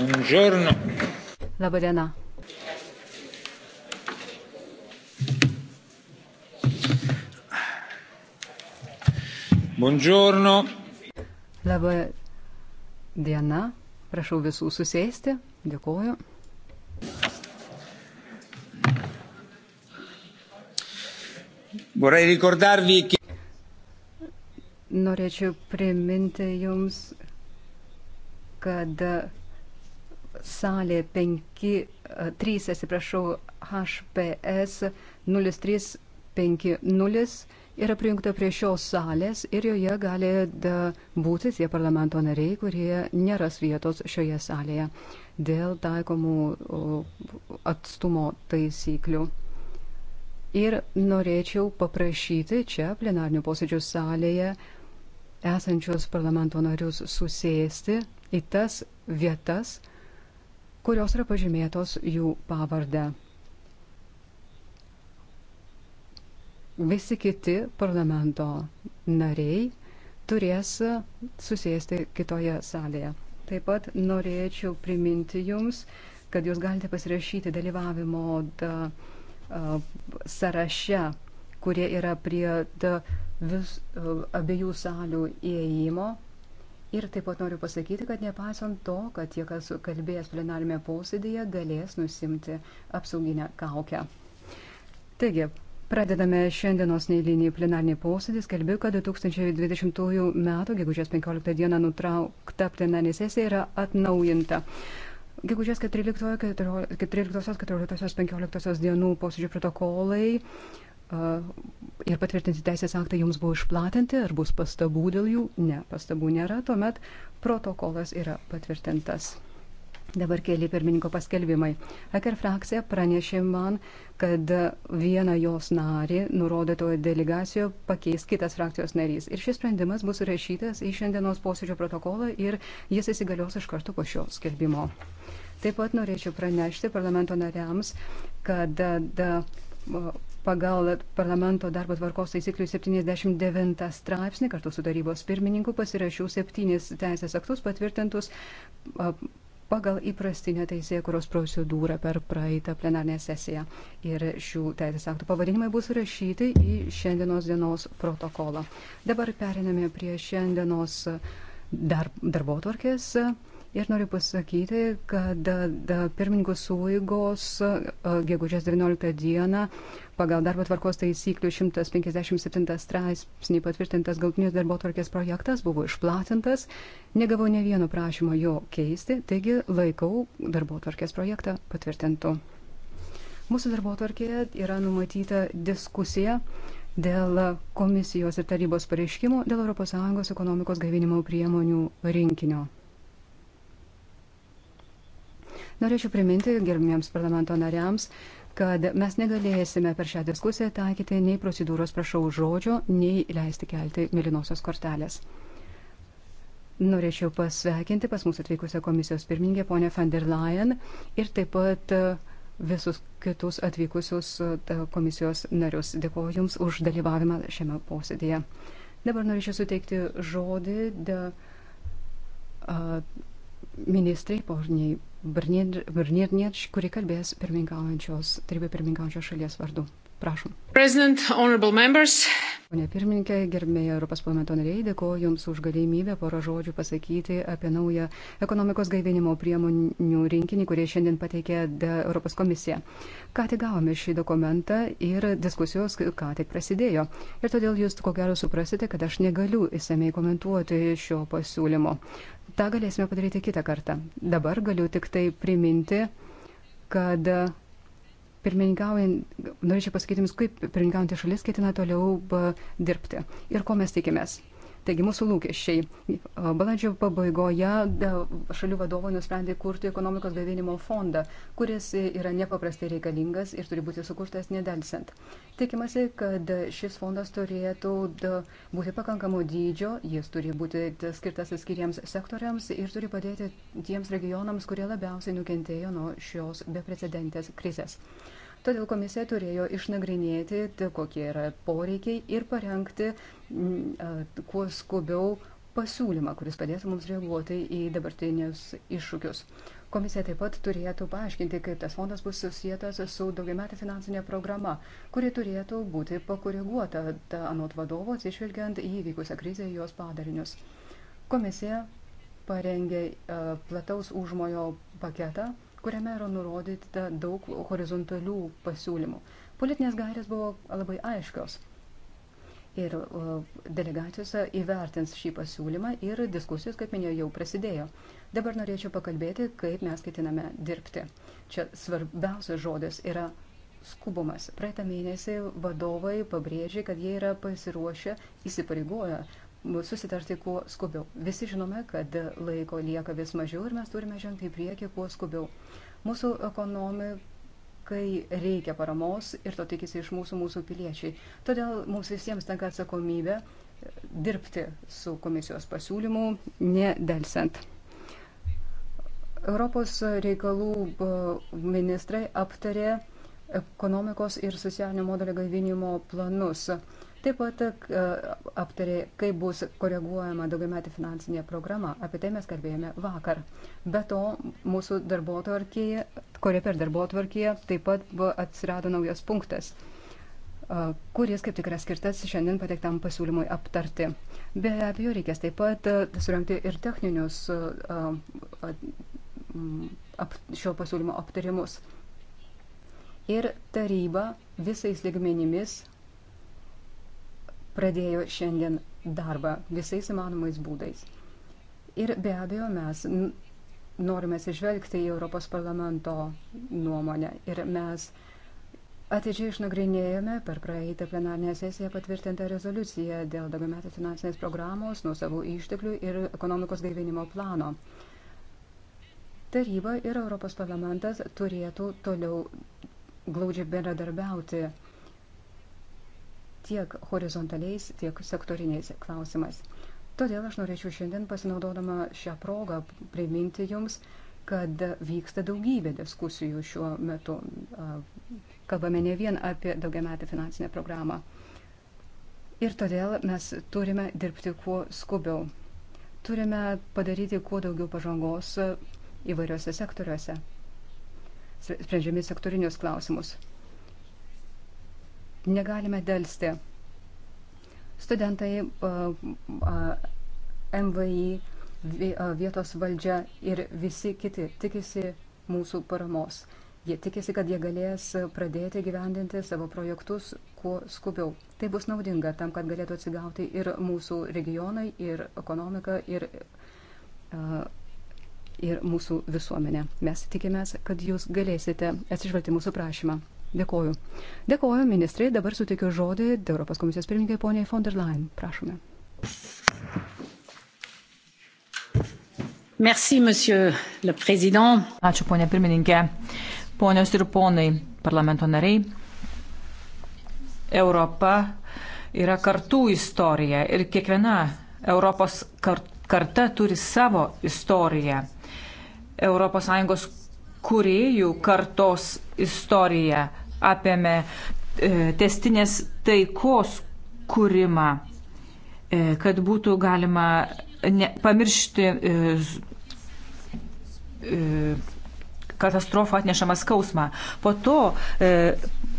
Buongiorno. Labą dieną. Buongiorno. Labą dieną. Prašau visų susėsti. Dėkuoju. Vorrei ricordarvi che... Norėčiau priminti jums, kad salė 5, 3, e, atsiprašau, HPS 0350 yra prijungta prie šios salės ir joje gali būti tie parlamento nariai, kurie neras vietos šioje salėje dėl taikomų atstumo taisyklių. Ir norėčiau paprašyti čia plenarnių posėdžių salėje esančios parlamento narius susėsti į tas vietas, kurios yra pažymėtos jų pavardę. Visi kiti parlamento nariai turės susėsti kitoje salėje. Taip pat norėčiau priminti Jums, kad Jūs galite pasirašyti dalyvavimo da, a, sąraše, kurie yra prie da, vis, a, abiejų salių įėjimo Ir taip pat noriu pasakyti, kad nepaisant to, kad tie, kas kalbės plenarime posėdėje, galės nusimti apsauginę kaukę. Taigi, Pradedame šiandienos neįlinį plenarnį posėdį. Skelbiu, kad 2020 m. gegužės 15 d. nutraukta plenarinė sesija yra atnaujinta. Gegužės 14, 14, 14, 15 dienų posėdžių protokolai ir patvirtinti teisės aktai jums buvo išplatinti, ar bus pastabų dėl jų? Ne, pastabų nėra, tuomet protokolas yra patvirtintas. Dabar keli pirmininko paskelbimai. Eker frakcija pranešė man, kad vieną jos narį nurodytojo delegacijoje pakeis kitas frakcijos narys. Ir šis sprendimas bus rašytas į šiandienos posėdžio protokolą ir jis įsigalios iš karto po šio skelbimo. Taip pat norėčiau pranešti parlamento nariams, kad da, da, pagal parlamento darbo tvarkos taisyklių 79 straipsnį kartu su tarybos pirmininku pasirašiau septynis teisės aktus patvirtintus pagal įprastinę teisėkuros procedūrą per praeitą plenarnę sesiją. Ir šių teisės aktų pavadinimai bus rašyti į šiandienos dienos protokolą. Dabar periname prie šiandienos dar, darbo tvarkės. Ir noriu pasakyti, kad pirmininkų suvaigos gegužės 19 dieną pagal darbo tvarkos taisyklių 157 straipsnį patvirtintas galtinis darbo tvarkės projektas buvo išplatintas. Negavau ne vieno prašymo jo keisti, taigi laikau darbo tvarkės projektą patvirtintu. Mūsų darbo tvarkėje yra numatyta diskusija dėl komisijos ir tarybos pareiškimų dėl ES ekonomikos gaivinimo priemonių rinkinio. Norėčiau priminti gerbimiems parlamento nariams, kad mes negalėsime per šią diskusiją taikyti nei procedūros prašau žodžio, nei leisti kelti mėlynosios kortelės. Norėčiau pasveikinti pas mūsų atvykusią komisijos pirmininkė ponę van der Leyen ir taip pat e, visus kitus atvykusius e, komisijos narius. Dėkuoju Jums už dalyvavimą šiame posėdėje. Dabar norėčiau suteikti žodį de, a, ministrai porniai Brnirnieč, kuri kalbės pirmininkaujančios, tarybė pirmininkaujančios šalies vardu. Prašom. Pone pirmininkė, gerbėjai Europos parlamento nariai, dėkoju Jums už galimybę porą žodžių pasakyti apie naują ekonomikos gaivinimo priemonių rinkinį, kurį šiandien pateikė Europos komisija. Ką tik gavome šį dokumentą ir diskusijos ką tik prasidėjo. Ir todėl Jūs ko gero suprasite, kad aš negaliu įsamei komentuoti šio pasiūlymo tą galėsime padaryti kitą kartą. Dabar galiu tik tai priminti, kad pirmininkaujant, norėčiau pasakyti jums, kaip pirmininkaujantį šalis ketina toliau dirbti ir ko mes tikimės. Taigi mūsų lūkesčiai. E, balandžio pabaigoje e, šalių vadovai nusprendė kurti ekonomikos gaivinimo fondą, kuris e, yra nepaprastai reikalingas ir turi būti sukurtas nedelsant. Tikimasi, kad šis fondas turėtų būti pakankamo dydžio, jis turi būti skirtas atskiriems sektoriams ir turi padėti tiems regionams, kurie labiausiai nukentėjo nuo šios beprecedentės krizės. Todėl komisija turėjo išnagrinėti, kokie yra poreikiai ir parengti kuo skubiau pasiūlymą, kuris padėtų mums reaguoti į dabartinius iššūkius. Komisija taip pat turėtų paaiškinti, kaip tas fondas bus susijęs su daugiametė finansinė programa, kuri turėtų būti pakoreguota anot vadovo atsižvelgiant į įvykusią krizę ir jos padarinius. Komisija parengė uh, plataus užmojo paketą, kuriame yra nurodyta daug horizontalių pasiūlymų. Politinės gairės buvo labai aiškios. Ir delegacijose įvertins šį pasiūlymą ir diskusijos, kaip minėjau, jau prasidėjo. Dabar norėčiau pakalbėti, kaip mes ketiname dirbti. Čia svarbiausias žodis yra skubumas. Praeitą mėnesį vadovai pabrėžė, kad jie yra pasiruošę, įsipareigoję susitarti tai kuo skubiau. Visi žinome, kad laiko lieka vis mažiau ir mes turime žengti į priekį kuo skubiau. Mūsų ekonomikai reikia paramos ir to tikisi iš mūsų mūsų piliečiai. Todėl mums visiems tenka atsakomybė dirbti su komisijos pasiūlymu nedelsant. Europos reikalų e, ministrai aptarė ekonomikos ir socialinio modelio gaivinimo planus. Taip pat e, aptarė, kaip bus koreguojama daugiametė finansinė programa. Apie tai mes kalbėjome vakar. Be to, mūsų darbo tvarkėje, kurie per darbo tvarkėje, taip pat atsirado naujas punktas e, kuris kaip tik yra skirtas šiandien pateiktam pasiūlymui aptarti. Be abejo, reikės taip pat e, surinkti ir techninius šio pasiūlymo aptarimus. Ir taryba visais ligmenimis pradėjo šiandien darbą visais įmanomais būdais. Ir be abejo, mes norime atsižvelgti į Europos parlamento nuomonę ir mes Atidžiai išnagrinėjome per praeitą plenarinę sesiją patvirtintą rezoliuciją dėl daugiametės finansinės programos, nuo savų išteklių ir ekonomikos gaivinimo plano. Taryba ir Europos parlamentas turėtų toliau glaudžiai bendradarbiauti tiek horizontaliais, tiek sektoriniais klausimais. Todėl aš norėčiau šiandien pasinaudodama šią progą priminti Jums, kad vyksta daugybė diskusijų šiuo metu. Kalbame ne vien apie daugiametę finansinę programą. Ir todėl mes turime dirbti kuo skubiau. Turime padaryti kuo daugiau pažangos įvairiuose sektoriuose, sprendžiami sektorinius klausimus. Negalime dėlsti. Studentai, MVI, vietos valdžia ir visi kiti tikisi mūsų paramos. Jie tikisi, kad jie galės pradėti gyvendinti savo projektus kuo skubiau. Tai bus naudinga tam, kad galėtų atsigauti ir mūsų regionai, ir ekonomika, ir, ir mūsų visuomenė. Mes tikimės, kad jūs galėsite atsižvelgti mūsų prašymą. Dėkoju. Dėkoju, ministrai. Dabar suteikiu žodį Europos komisijos pirmininkai poniai von der Leyen. Prašome. Merci, Ačiū, ponė pirmininkė. Ponios ir ponai, parlamento nariai, Europa yra kartų istorija ir kiekviena Europos karta turi savo istoriją. ES kuriejų kartos istorija apėmė e, testinės taikos kūrimą, e, kad būtų galima ne, pamiršti e, katastrofą atnešamą skausmą. Po to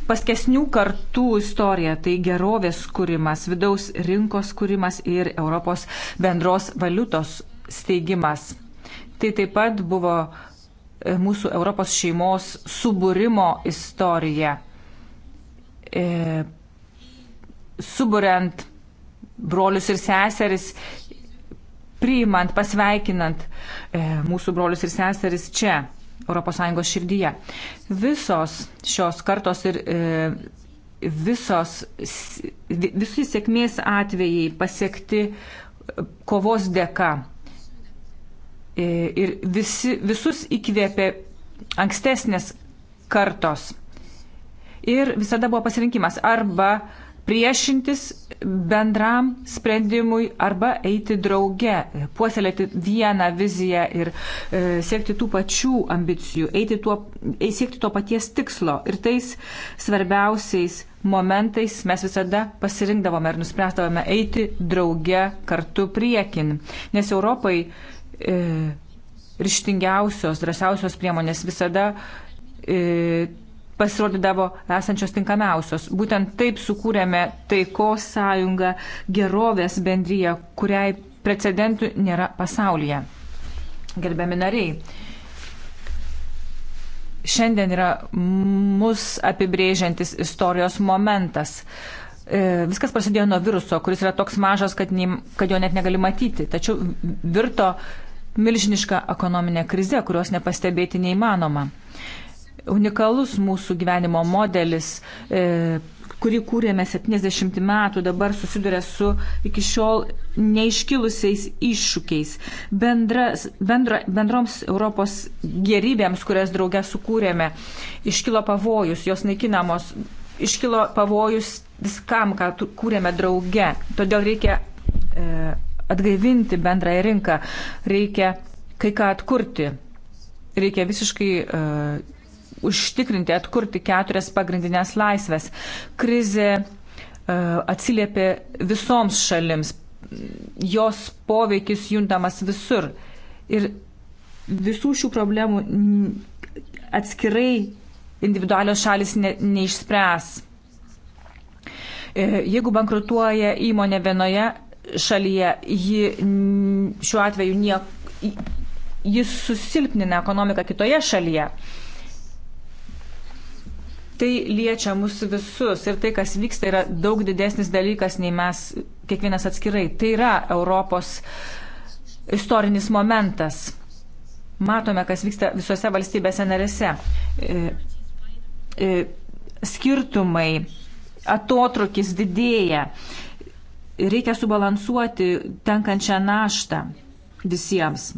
paskesnių kartų istorija - tai gerovės kūrimas, vidaus rinkos kūrimas ir Europos bendros valiutos steigimas. Tai taip pat buvo mūsų Europos šeimos subūrimo istorija. E, suburiant brolius ir seseris, priimant, pasveikinant e, mūsų brolius ir seseris čia, ES širdyje. Visos šios kartos ir e, visos, visi sėkmės atvejai pasiekti kovos dėka E, ir visi, visus įkvėpė ankstesnės kartos. Ir visada buvo pasirinkimas arba priešintis bendram sprendimui arba eiti drauge, puoselėti vieną viziją ir e, siekti tų pačių ambicijų, eiti tuo, e, siekti to paties tikslo. Ir tais svarbiausiais momentais mes visada pasirinkdavome ir nuspręsdavome eiti drauge kartu priekin. Nes Europai e, ryštingiausios, drąsiausios priemonės visada e, pasirodydavo esančios tinkamiausios. Būtent taip sukūrėme taikos sąjungą, gerovės bendryje, kuriai precedentų nėra pasaulyje. Gerbiami nariai, šiandien yra mus apibrėžiantis istorijos momentas. E, viskas prasidėjo nuo viruso, kuris yra toks mažas, kad, nei, kad jo net negali matyti, tačiau virto milžiniška ekonominė krize, kurios nepastebėti neįmanoma. Unikalus mūsų gyvenimo modelis, e, kurį kūrėme 70 metų, dabar susiduria su iki šiol neiškilusiais iššūkiais. Bendras, bendra, bendroms Europos gerybėms, kurias draugę sukūrėme, iškilo pavojus, jos naikinamos, iškilo pavojus viskam, ką kūrėme drauge. Todėl reikia e, atgaivinti bendrąją rinką, reikia kai ką atkurti. Reikia visiškai uh, užtikrinti, atkurti keturias pagrindinės laisvės. Krizė uh, atsiliepė visoms šalims, jos poveikis juntamas visur. Ir visų šių problemų atskirai individualios šalis ne, neišspręs. E, jeigu bankrutuoja įmonė vienoje šalyje. Ji šiuo atveju niek, jis susilpnina ekonomiką kitoje šalyje. Tai liečia mus visus ir tai, kas vyksta, yra daug didesnis dalykas, nei mes kiekvienas atskirai. Tai yra Europos istorinis momentas. Matome, kas vyksta visose valstybėse narėse. E, e, skirtumai, atotrukis didėja reikia subalansuoti tenkančią naštą visiems.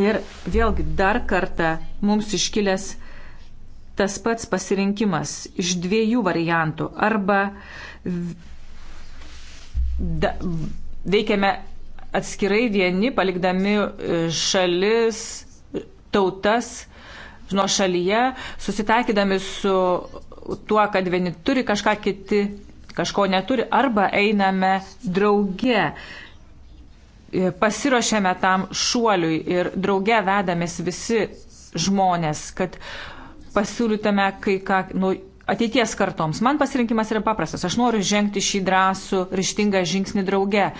Ir vėlgi dar kartą mums iškilęs tas pats pasirinkimas iš dviejų variantų. Arba da, veikiame atskirai vieni, palikdami e, šalis, tautas nuo šalyje, susitaikydami su tuo, kad vieni turi kažką, kiti kažko neturi, arba einame drauge, e, pasiruošėme tam šuoliui ir drauge vedamės visi žmonės, kad pasiūlytame kai ką nu, ateities kartoms. Man pasirinkimas yra paprastas. Aš noriu žengti šį drąsų, ryštingą žingsnį drauge.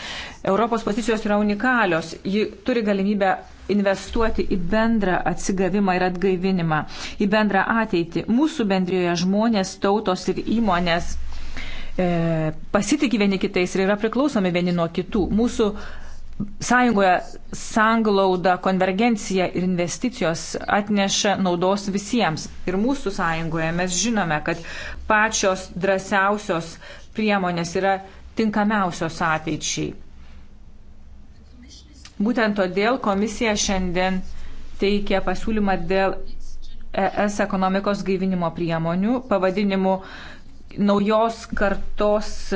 Europos pozicijos yra unikalios. Ji turi galimybę investuoti į bendrą atsigavimą ir atgaivinimą, į bendrą ateitį. Mūsų bendrijoje žmonės, tautos ir įmonės e, pasitikė vieni kitais ir yra priklausomi vieni nuo kitų. Mūsų sąjungoje sanglauda, konvergencija ir investicijos atneša naudos visiems. Ir mūsų sąjungoje mes žinome, kad pačios drąsiausios priemonės yra tinkamiausios ateičiai. Būtent todėl komisija šiandien teikia pasiūlymą dėl ES ekonomikos gaivinimo priemonių pavadinimu naujos kartos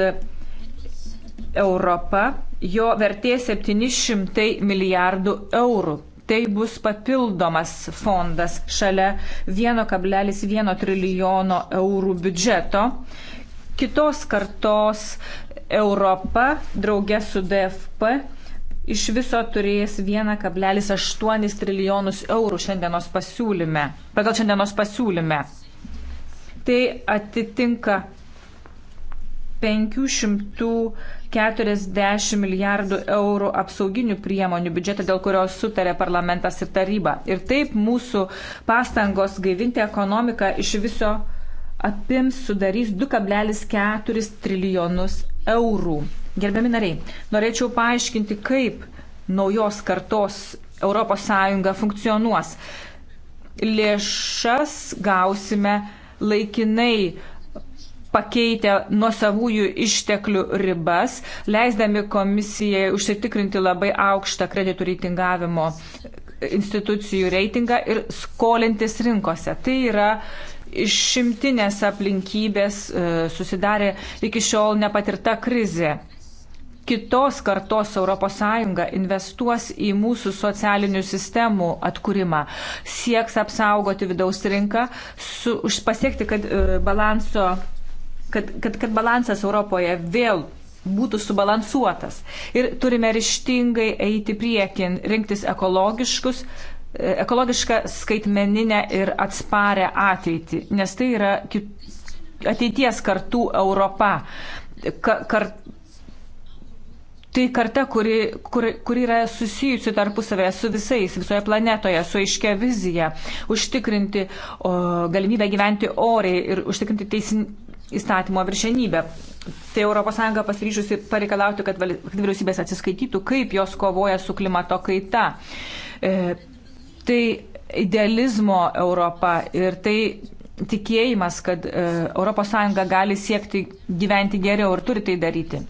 Europa, jo vertė 700 milijardų eurų. Tai bus papildomas fondas šalia 1,1 trilijono eurų biudžeto. Kitos kartos Europa, draugė su DFP, iš viso turės 1,8 trilijonus eurų šiandienos pasiūlyme, pagal šiandienos pasiūlyme tai atitinka 540 milijardų eurų apsauginių priemonių biudžetą, dėl kurios sutarė parlamentas ir taryba. Ir taip mūsų pastangos gaivinti ekonomiką iš viso apims sudarys 2,4 trilijonus eurų. Gerbiami nariai, norėčiau paaiškinti, kaip naujos kartos ES funkcionuos. Lėšas gausime laikinai pakeitę nuosavųjų išteklių ribas, leisdami komisijai užsitikrinti labai aukštą kreditų reitingavimo institucijų reitingą ir skolintis rinkose. Tai yra išimtinės aplinkybės e, susidarė iki šiol nepatirta krizė kitos kartos ES investuos į mūsų socialinių sistemų atkūrimą, sieks apsaugoti vidaus rinką, su, pasiekti, kad, e, balanso, kad, kad, kad balansas Europoje vėl būtų subalansuotas. Ir turime ryštingai eiti priekin, rinktis ekologiškus e, ekologišką skaitmeninę ir atsparę ateitį, nes tai yra ateities kartų Europa. Ka, kar, Tai karta, kuri, kur, kuri yra susijusi tarpusavėje su visais, visoje planetoje, su aiškia vizija, užtikrinti o, galimybę gyventi oriai ir užtikrinti teisin, įstatymo viršenybę. Tai ES pasiryžusi pareikalauti, kad vyriausybės atsiskaitytų, kaip jos kovoja su klimato kaita. E, tai idealizmo Europa ir tai tikėjimas, kad e, ES gali siekti gyventi geriau ir turi tai daryti.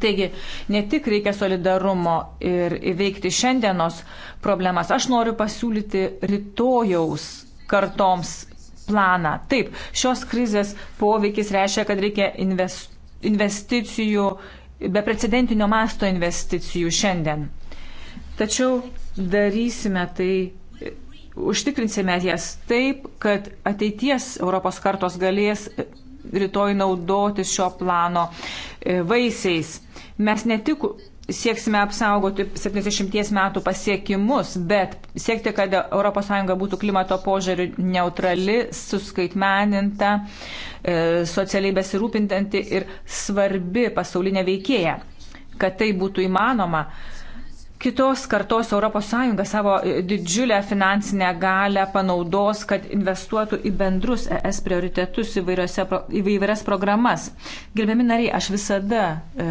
Taigi, ne tik reikia solidarumo ir įveikti šiandienos problemas, aš noriu pasiūlyti rytojaus kartoms planą. Taip, šios krizės poveikis reiškia, kad reikia investicijų, beprecedentinio masto investicijų šiandien. Tačiau darysime tai užtikrinsime jas taip, kad ateities Europos kartos galės rytoj naudotis šio plano e, vaisiais. Mes ne tik sieksime apsaugoti 70 metų pasiekimus, bet siekti, kad ES būtų klimato požiūrių neutrali, suskaitmeninta, e, socialiai besirūpintanti ir svarbi pasaulinė veikėja. Kad tai būtų įmanoma, kitos kartos ES savo e, didžiulę finansinę galę panaudos, kad investuotų į bendrus ES prioritetus įvairias programas. Gerbiami nariai, aš visada e,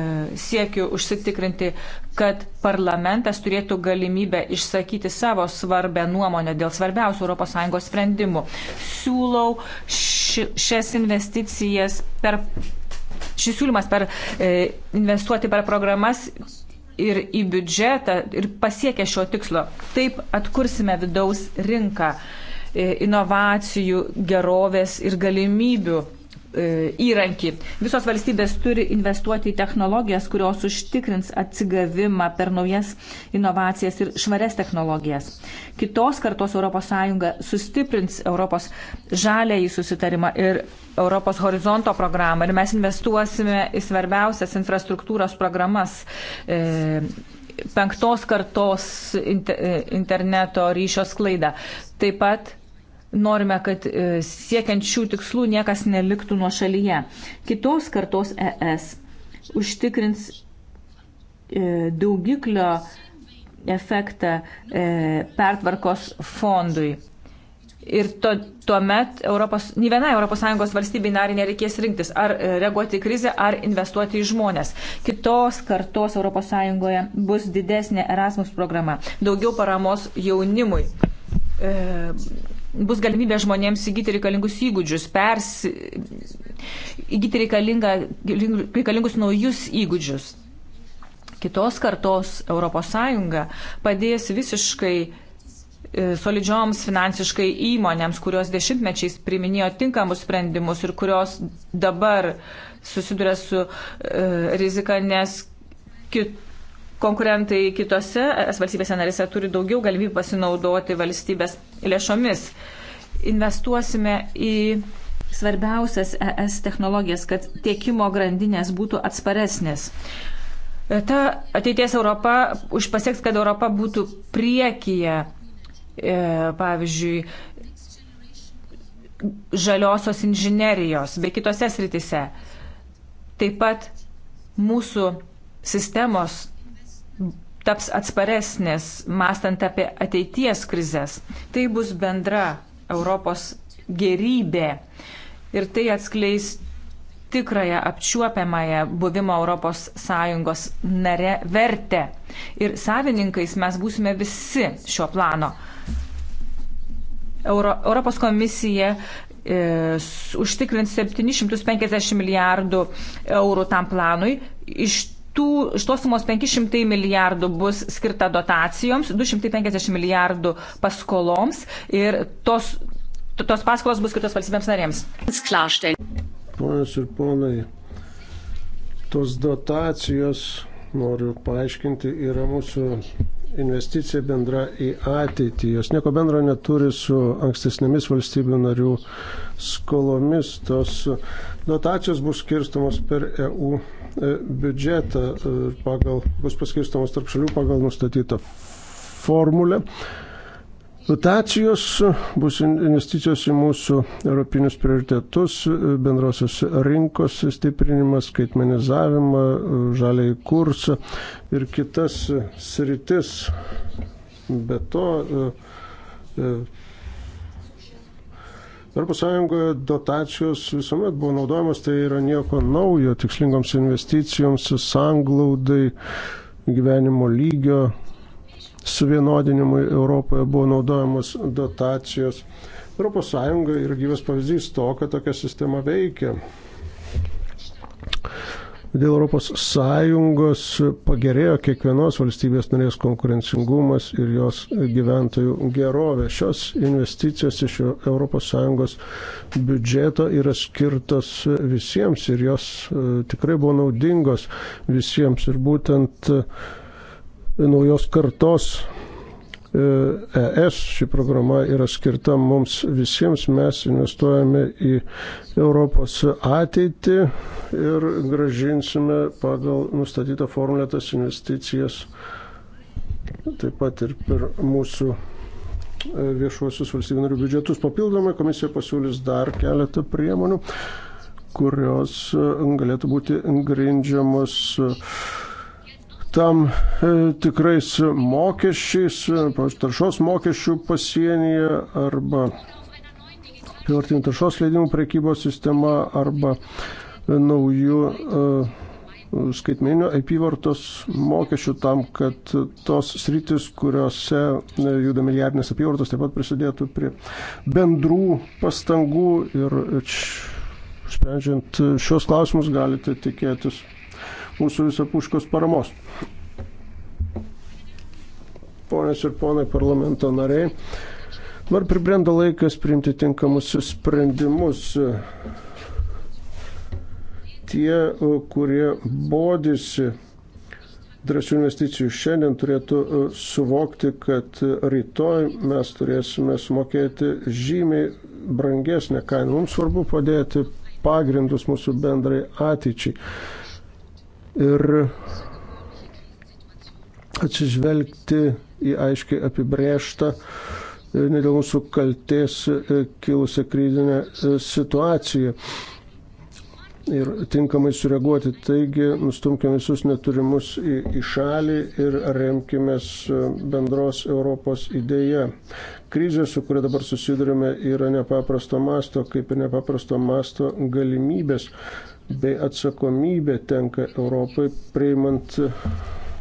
siekiu užsitikrinti, kad parlamentas turėtų galimybę išsakyti savo svarbę nuomonę dėl svarbiausių ES sprendimų. Siūlau ši, šias investicijas per šis siūlymas per e, investuoti per programas ir į biudžetą ir pasiekę šio tikslo. Taip atkursime vidaus rinką e, inovacijų, gerovės ir galimybių E, įrankį. Visos valstybės turi investuoti į technologijas, kurios užtikrins atsigavimą per naujas inovacijas ir švarias technologijas. Kitos kartos ES sustiprins Europos žalėjį susitarimą ir Europos horizonto programą ir mes investuosime į svarbiausias infrastruktūros programas. E, penktos kartos e, interneto ryšio sklaidą. Taip pat norime, kad e, siekiant šių tikslų niekas neliktų nuo šalyje. Kitos kartos ES užtikrins e, daugiklio efektą e, pertvarkos fondui. Ir to, tuomet Europos, nė viena ES valstybė narė nereikės rinktis, ar reaguoti į krizę, ar investuoti į žmonės. Kitos kartos ES bus didesnė Erasmus programa, daugiau paramos jaunimui. E, bus galimybė žmonėms įgyti reikalingus įgūdžius, pers, įgyti reikalingus naujus įgūdžius. Kitos kartos ES padės visiškai e, solidžioms finansiškai įmonėms, kurios dešimtmečiais priminėjo tinkamus sprendimus ir kurios dabar susiduria su e, rizika, nes kitų konkurentai kitose valstybėse narėse turi daugiau galimybių pasinaudoti valstybės lėšomis. Investuosime į svarbiausias ES technologijas, kad tiekimo grandinės būtų atsparesnės. E, ta ateities Europa užpasieks, kad Europa būtų priekyje, e, pavyzdžiui, žaliosios inžinerijos bei kitose sritise. Taip pat mūsų sistemos taps atsparesnės, mastant apie ateities krizės. Tai bus bendra Europos gerybė ir tai atskleis tikrąją apčiuopiamąją buvimo Europos Sąjungos nare vertę. Ir savininkais mes būsime visi šio plano. Euro, Europos komisija e, užtikrins 750 milijardų eurų tam planui. Iš tų, šitos sumos 500 milijardų bus skirta dotacijoms, 250 milijardų paskoloms ir tos, tos paskolos bus skirtos valstybėms narėms. Ponas ir ponai, tos dotacijos, noriu paaiškinti, yra mūsų investicija bendra į ateitį. Jos nieko bendro neturi su ankstesnėmis valstybių narių skolomis. Tos dotacijos bus skirstamos per EU E, biudžetą e, pagal, bus paskirstamas tarp šalių pagal nustatytą formulę. Dotacijos e, bus investicijos į mūsų europinius prioritetus, bendrosios rinkos stiprinimas, skaitmenizavimą, žaliai kursą ir kitas sritis. Be to, ES dotacijos visuomet buvo naudojamos, tai yra nieko naujo tikslingoms investicijoms, sanglaudai, gyvenimo lygio suvienodinimui Europoje buvo naudojamos dotacijos. ES yra gyvas pavyzdys to, kad tokia sistema veikia. Dėl ES pagerėjo kiekvienos valstybės narės konkurencingumas ir jos gyventojų gerovė. Šios investicijos iš ES biudžeto yra skirtos visiems ir jos e, tikrai buvo naudingos visiems. Ir būtent e, naujos kartos ES. Ši programa yra skirta mums visiems, mes investuojame į Europos ateitį ir gražinsime pagal nustatytą formulę tas investicijas taip pat ir per mūsų e, viešuosius valstybinarių biudžetus. Papildomai komisija pasiūlys dar keletą priemonių, kurios e, galėtų būti grindžiamos uh, tam e, tikrais mokesčiais, pavyzdžiui, taršos mokesčių pasienyje arba pivartinių taršos leidimų prekybos sistema arba naujų uh, e, skaitmeninio apyvartos mokesčių tam, kad tos sritis, kuriuose e, juda milijardinės apyvartos, taip pat prisidėtų prie bendrų pastangų ir č, sprendžiant šios klausimus galite tikėtis mūsų visapuškos paramos. Ponės ir ponai parlamento nariai, dabar pribrenda laikas priimti tinkamus sprendimus tie, kurie bodisi drąsių investicijų šiandien, turėtų e, suvokti, kad e, rytoj mes turėsime sumokėti žymiai brangesnę kainą. Mums svarbu padėti pagrindus mūsų bendrai ateičiai ir atsižvelgti į aiškiai apibrėžtą e, ne dėl mūsų kalties e, kilusią kryzinę e, situaciją ir tinkamai sureaguoti. Taigi, nustumkime visus neturimus į, į šalį ir remkime bendros Europos idėją. Krizė, su kuria dabar susidurime, yra nepaprasto masto, kaip ir nepaprasto masto galimybės bei atsakomybė tenka Europai priimant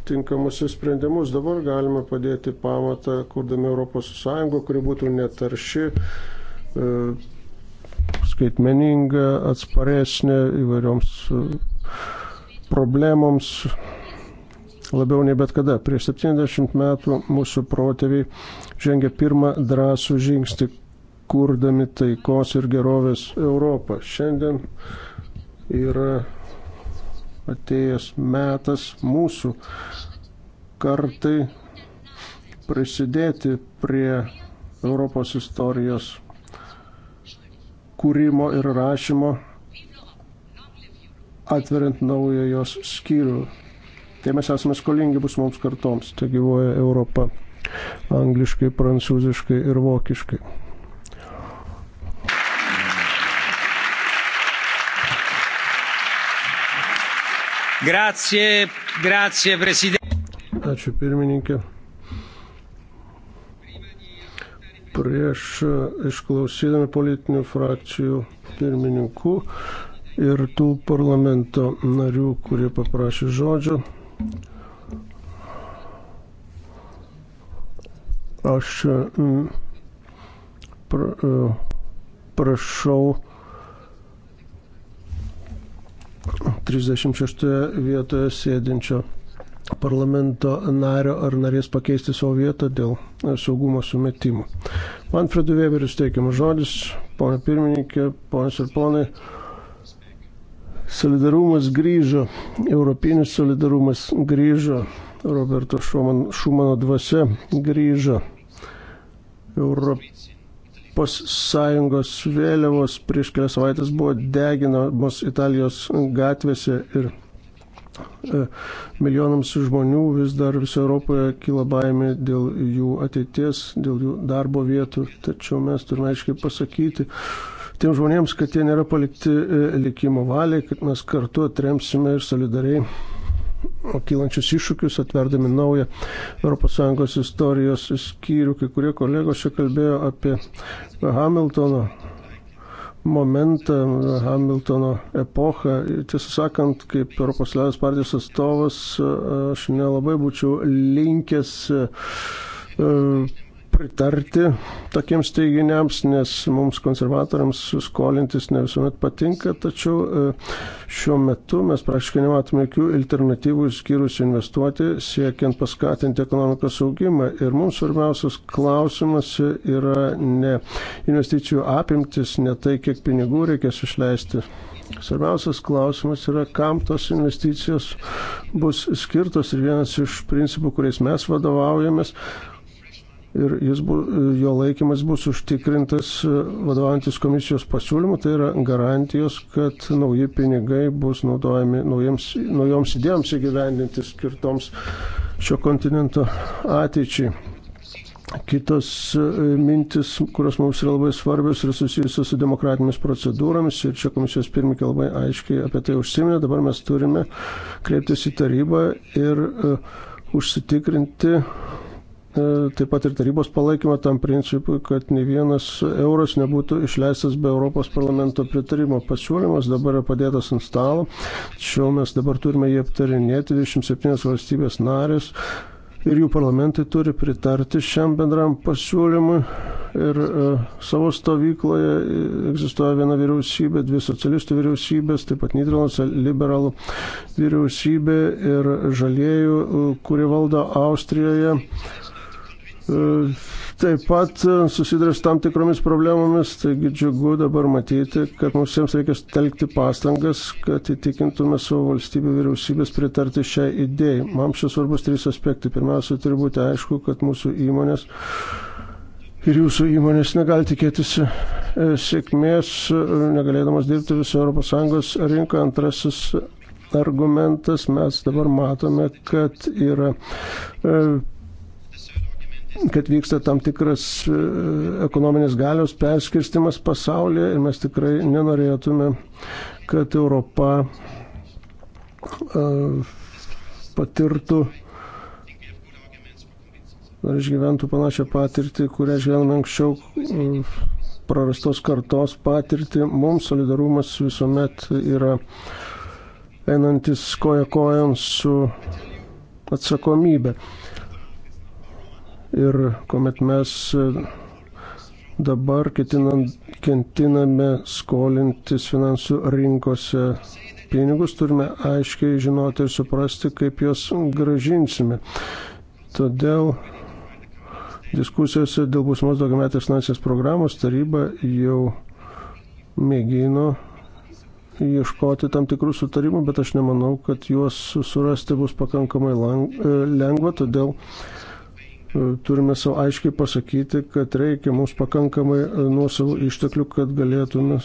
tinkamus sprendimus. Dabar galime padėti pamatą, kurdami Europos Sąjungą, kuri būtų netarši, e, skaitmeninga, atsparesnė įvairioms e, problemoms labiau nei bet kada. Prieš 70 metų mūsų protėviai žengė pirmą drąsų žingsnį, kurdami taikos ir gerovės Europą. Šiandien yra atėjęs metas mūsų kartai prisidėti prie Europos istorijos kūrimo ir rašymo, atveriant naują jos skyrių. Tai mes esame skolingi bus mums kartoms, tai gyvoja Europa angliškai, prancūziškai ir vokiškai. Grazie, grazie, prezidentė. Ačiū pirmininkė. Prieš išklausydami politinių frakcijų pirmininkų ir tų parlamento narių, kurie paprašė žodžio, aš mm, pra, e, prašau 36 vietoje sėdinčio parlamento nario ar narės pakeisti savo vietą dėl saugumo sumetimų. Manfredu Weberis teikiamas žodis, ponė pirmininkė, ponės ir ponai, solidarumas grįžo, europinis solidarumas grįžo, Roberto Šumano, Šumano dvasia grįžo. Europos ES vėliavos prieš kelias savaitės buvo deginamos Italijos gatvėse ir e, milijonams žmonių vis dar visoje Europoje kyla baimė dėl jų ateities, dėl jų darbo vietų. Tačiau mes turime aiškiai pasakyti, tiem žmonėms, kad jie nėra palikti e, likimo valiai, kad mes kartu atremsime ir solidariai kylančius iššūkius, atverdami naują ES istorijos skyrių. Kai kurie kolegos čia kalbėjo apie Hamiltono momentą, Hamiltono epochą. Tiesą sakant, kaip Europos Liaudės partijos atstovas, aš nelabai būčiau linkęs e, pritarti tokiems teiginiams, nes mums konservatoriams skolintis ne visuomet patinka, tačiau e, šiuo metu mes praktiškai nematome jokių alternatyvų išskyrus investuoti, siekiant paskatinti ekonomikos augimą. Ir mums svarbiausias klausimas yra ne investicijų apimtis, ne tai, kiek pinigų reikės išleisti. Svarbiausias klausimas yra, kam tos investicijos bus skirtos ir vienas iš principų, kuriais mes vadovaujamės, ir bu, jo laikymas bus užtikrintas e, vadovantis komisijos pasiūlymu, tai yra garantijos, kad nauji pinigai bus naudojami naujiems, naujoms idėjams įgyvendinti skirtoms šio kontinento ateičiai. Kitos e, mintis, kurios mums yra labai svarbios ir susijusios su demokratinėmis procedūromis, ir čia komisijos pirmininkė labai aiškiai apie tai užsiminė, dabar mes turime kreiptis į tarybą ir uh, užsitikrinti E, taip pat ir tarybos palaikymą tam principui, kad ne vienas euras nebūtų išleistas be Europos parlamento pritarimo. Pasiūlymas dabar yra padėtas ant stalo, tačiau mes dabar turime jį aptarinėti 27 valstybės narės. Ir jų parlamentai turi pritarti šiam bendram pasiūlymui. Ir e, savo stovykloje egzistuoja viena vyriausybė, dvi socialistų vyriausybės, taip pat Niderlandų liberalų vyriausybė ir žalėjų, e, kurie valdo Austrijoje E, taip pat e, susidurė su tam tikromis problemomis, taigi džiugu dabar matyti, kad mums visiems reikia telkti pastangas, kad įtikintume savo valstybių vyriausybės pritarti šią idėją. Man čia svarbus trys aspektai. Pirmiausia, turi būti aišku, kad mūsų įmonės ir jūsų įmonės negali tikėtis e, sėkmės, negalėdamas dirbti viso ES rinką. Antrasis argumentas, mes dabar matome, kad yra kad vyksta tam tikras e, ekonominis galios perskirstimas pasaulyje ir mes tikrai nenorėtume, kad Europa e, patirtų ar išgyventų panašią patirtį, kurią išgyvenome anksčiau, e, prarastos kartos patirtį. Mums solidarumas visuomet yra einantis koja kojon su atsakomybė. Ir kuomet mes e, dabar ketiname skolintis finansų rinkose pinigus, turime aiškiai žinoti ir suprasti, kaip juos gražinsime. Todėl diskusijose dėl būsimos daugiametės finansinės programos taryba jau mėgino ieškoti tam tikrų sutarimų, bet aš nemanau, kad juos surasti bus pakankamai lang, e, lengva, todėl turime savo aiškiai pasakyti, kad reikia mums pakankamai e, nuosavų išteklių, kad galėtume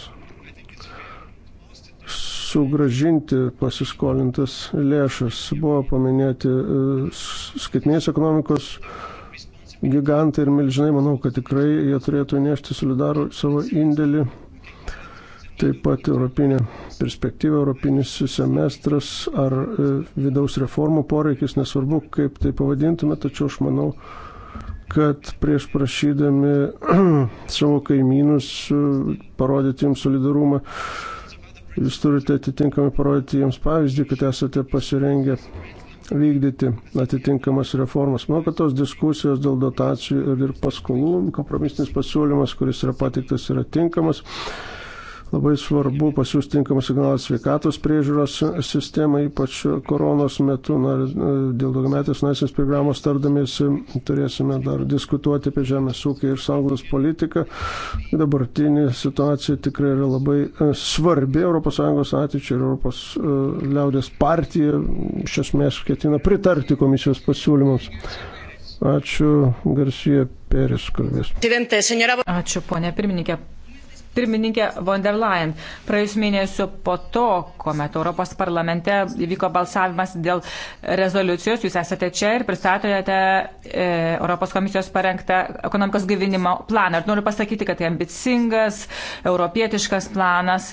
sugražinti pasiskolintas lėšas. Buvo paminėti e, skaitinės ekonomikos gigantai ir milžinai, manau, kad tikrai jie turėtų nešti solidarų savo indėlį taip pat europinė perspektyva, europinis semestras ar e, vidaus reformų poreikis, nesvarbu kaip tai pavadintume, tačiau aš manau, kad prieš prašydami savo kaimynus e, parodyti jums solidarumą, jūs turite atitinkamai parodyti jiems pavyzdį, kad esate pasirengę vykdyti atitinkamas reformas. Manau, kad tos diskusijos dėl dotacijų ir paskolų, kompromisinis pasiūlymas, kuris yra pateiktas, yra tinkamas. Labai svarbu pasiūsti tinkamą signalą sveikatos priežiūros sistemai, ypač koronos metu. Na, e, dėl daugiametės naisės programos tardamėsi turėsime dar diskutuoti apie žemės ūkį ir saugos politiką. Dabartinė situacija tikrai yra labai e, svarbi ES ateičiai ir Europos e, liaudės partija iš esmės ketina pritarti komisijos pasiūlymams. Ačiū, Garsija Peris kalbės. Ačiū, ponė pirmininkė pirmininkė von der Leyen. Praėjus mėnesiu po to, kuomet Europos parlamente įvyko balsavimas dėl rezoliucijos, jūs esate čia ir pristatojate e, Europos komisijos parengtą ekonomikos gyvinimo planą. Ir noriu pasakyti, kad tai ambicingas, europietiškas planas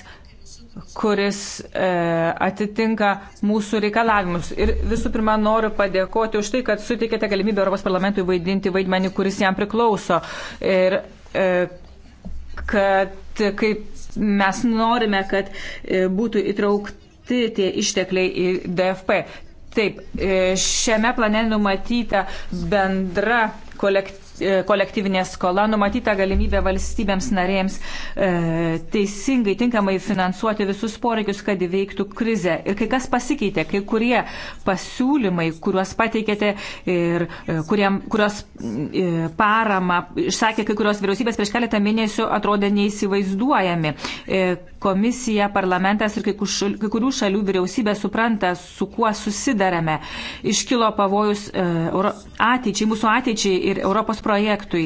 kuris e, atitinka mūsų reikalavimus. Ir visų pirma, noriu padėkoti už tai, kad suteikėte galimybę Europos parlamentui vaidinti vaidmenį, kuris jam priklauso. Ir e, kad kaip mes norime, kad e, būtų įtraukti tie ištekliai į DFP. Taip, e, šiame plane numatyta bendra kolektyvinė E, kolektyvinė skola, numatyta galimybė valstybėms narėms e, teisingai, tinkamai finansuoti visus poreikius, kad įveiktų krizę. Ir kai kas pasikeitė, kai kurie pasiūlymai, kuriuos pateikėte ir e, kuriem, kurios e, parama išsakė kai kurios vyriausybės prieš keletą mėnesių, atrodė neįsivaizduojami. E, komisija, parlamentas ir kai kurių šalių vyriausybė supranta, su kuo susidarame. Iškilo pavojus e, ateičiai, mūsų ateičiai ir Europos projektui.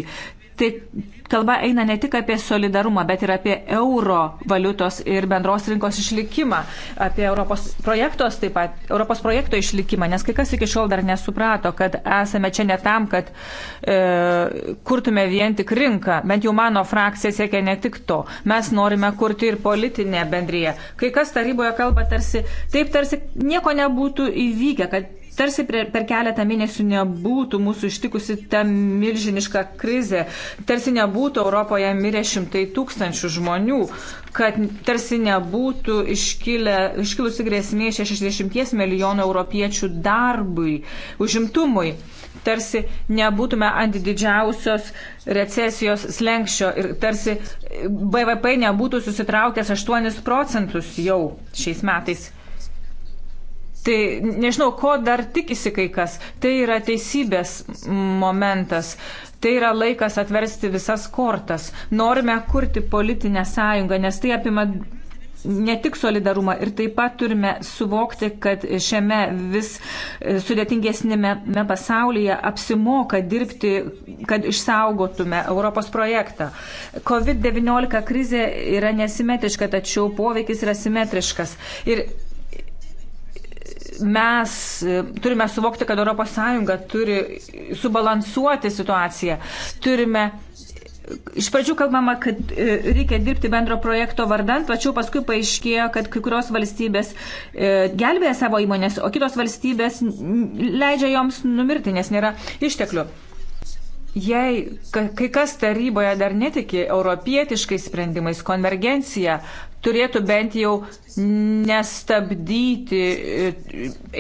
Tai kalba eina ne tik apie solidarumą, bet ir apie euro valiutos ir bendros rinkos išlikimą, apie Europos projektos taip pat, Europos projekto išlikimą, nes kai kas iki šiol dar nesuprato, kad esame čia ne tam, kad e, kurtume vien tik rinką, bent jau mano frakcija siekia ne tik to, mes norime kurti ir politinę bendryje. Kai kas taryboje kalba tarsi, taip tarsi nieko nebūtų įvykę, kad Tarsi per keletą mėnesių nebūtų mūsų ištikusi ta milžiniška krizė, tarsi nebūtų Europoje mirę šimtai tūkstančių žmonių, kad tarsi nebūtų iškilę, iškilusi grėsmė 60 milijonų europiečių darbui, užimtumui tarsi nebūtume ant didžiausios recesijos slengščio ir tarsi BVP nebūtų susitraukęs 8 procentus jau šiais metais. Tai nežinau, ko dar tikisi kai kas. Tai yra teisybės momentas. Tai yra laikas atversti visas kortas. Norime kurti politinę sąjungą, nes tai apima ne tik solidarumą ir taip pat turime suvokti, kad šiame vis sudėtingesnėme pasaulyje apsimoka dirbti, kad išsaugotume Europos projektą. COVID-19 krizė yra nesimetiška, tačiau poveikis yra simetriškas. Ir mes e, turime suvokti, kad ES turi subalansuoti situaciją. Turime Iš pradžių kalbama, kad e, reikia dirbti bendro projekto vardant, tačiau paskui paaiškėjo, kad kai kurios valstybės e, gelbėja savo įmonės, o kitos valstybės leidžia joms numirti, nes nėra išteklių. Jei kai kas taryboje dar netiki europietiškais sprendimais, konvergencija turėtų bent jau nestabdyti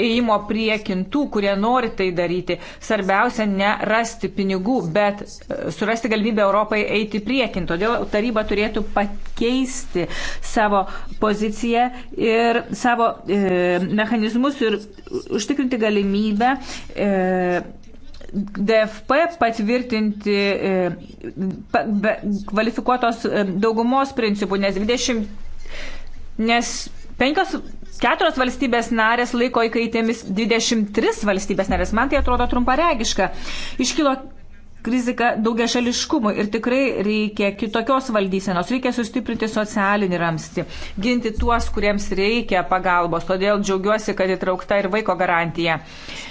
įimo e, priekintų, kurie nori tai daryti. Svarbiausia ne rasti pinigų, bet e, surasti galimybę Europai eiti priekin. Todėl taryba turėtų pakeisti savo poziciją ir savo e, mechanizmus ir užtikrinti galimybę. E, DFP patvirtinti e, kvalifikuotos e, daugumos principų, nes 20, nes 5, 4 valstybės narės laiko įkaitėmis 23 valstybės narės. Man tai atrodo trumparegiška. Iškilo rizika daugia šališkumui ir tikrai reikia kitokios valdysenos, reikia sustiprinti socialinį ramstį, ginti tuos, kuriems reikia pagalbos. Todėl džiaugiuosi, kad įtraukta ir vaiko garantija. Uh,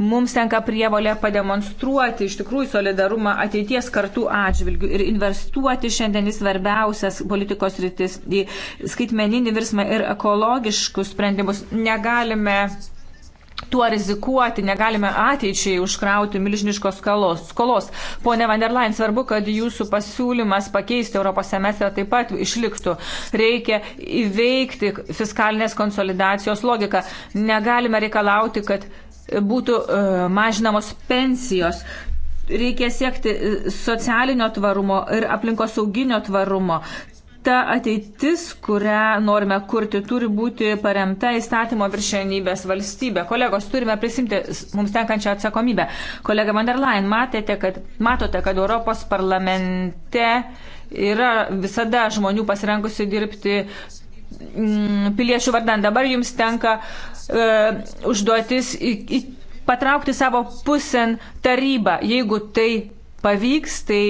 mums tenka prievalė pademonstruoti iš tikrųjų solidarumą ateities kartų atžvilgių ir investuoti šiandien į svarbiausias politikos rytis, į skaitmeninį virsmą ir ekologiškus sprendimus. Negalime tuo rizikuoti, negalime ateičiai užkrauti milžiniškos skalos. skolos. Pone van der Leyen, svarbu, kad jūsų pasiūlymas pakeisti Europos semestrą taip pat išliktų. Reikia įveikti fiskalinės konsolidacijos logiką. Negalime reikalauti, kad būtų e, mažinamos pensijos. Reikia siekti e, socialinio tvarumo ir aplinkosauginio tvarumo. Ta ateitis, kurią norime kurti, turi būti paremta įstatymo viršenybės valstybė. Kolegos, turime prisimti mums tenkančią atsakomybę. Kolega van der Leyen, matėte, kad, matote, kad Europos parlamente yra visada žmonių pasirengusių dirbti mm, piliečių vardan. Dabar jums tenka uh, E, užduotis patraukti savo pusėn tarybą. Jeigu tai pavyks, tai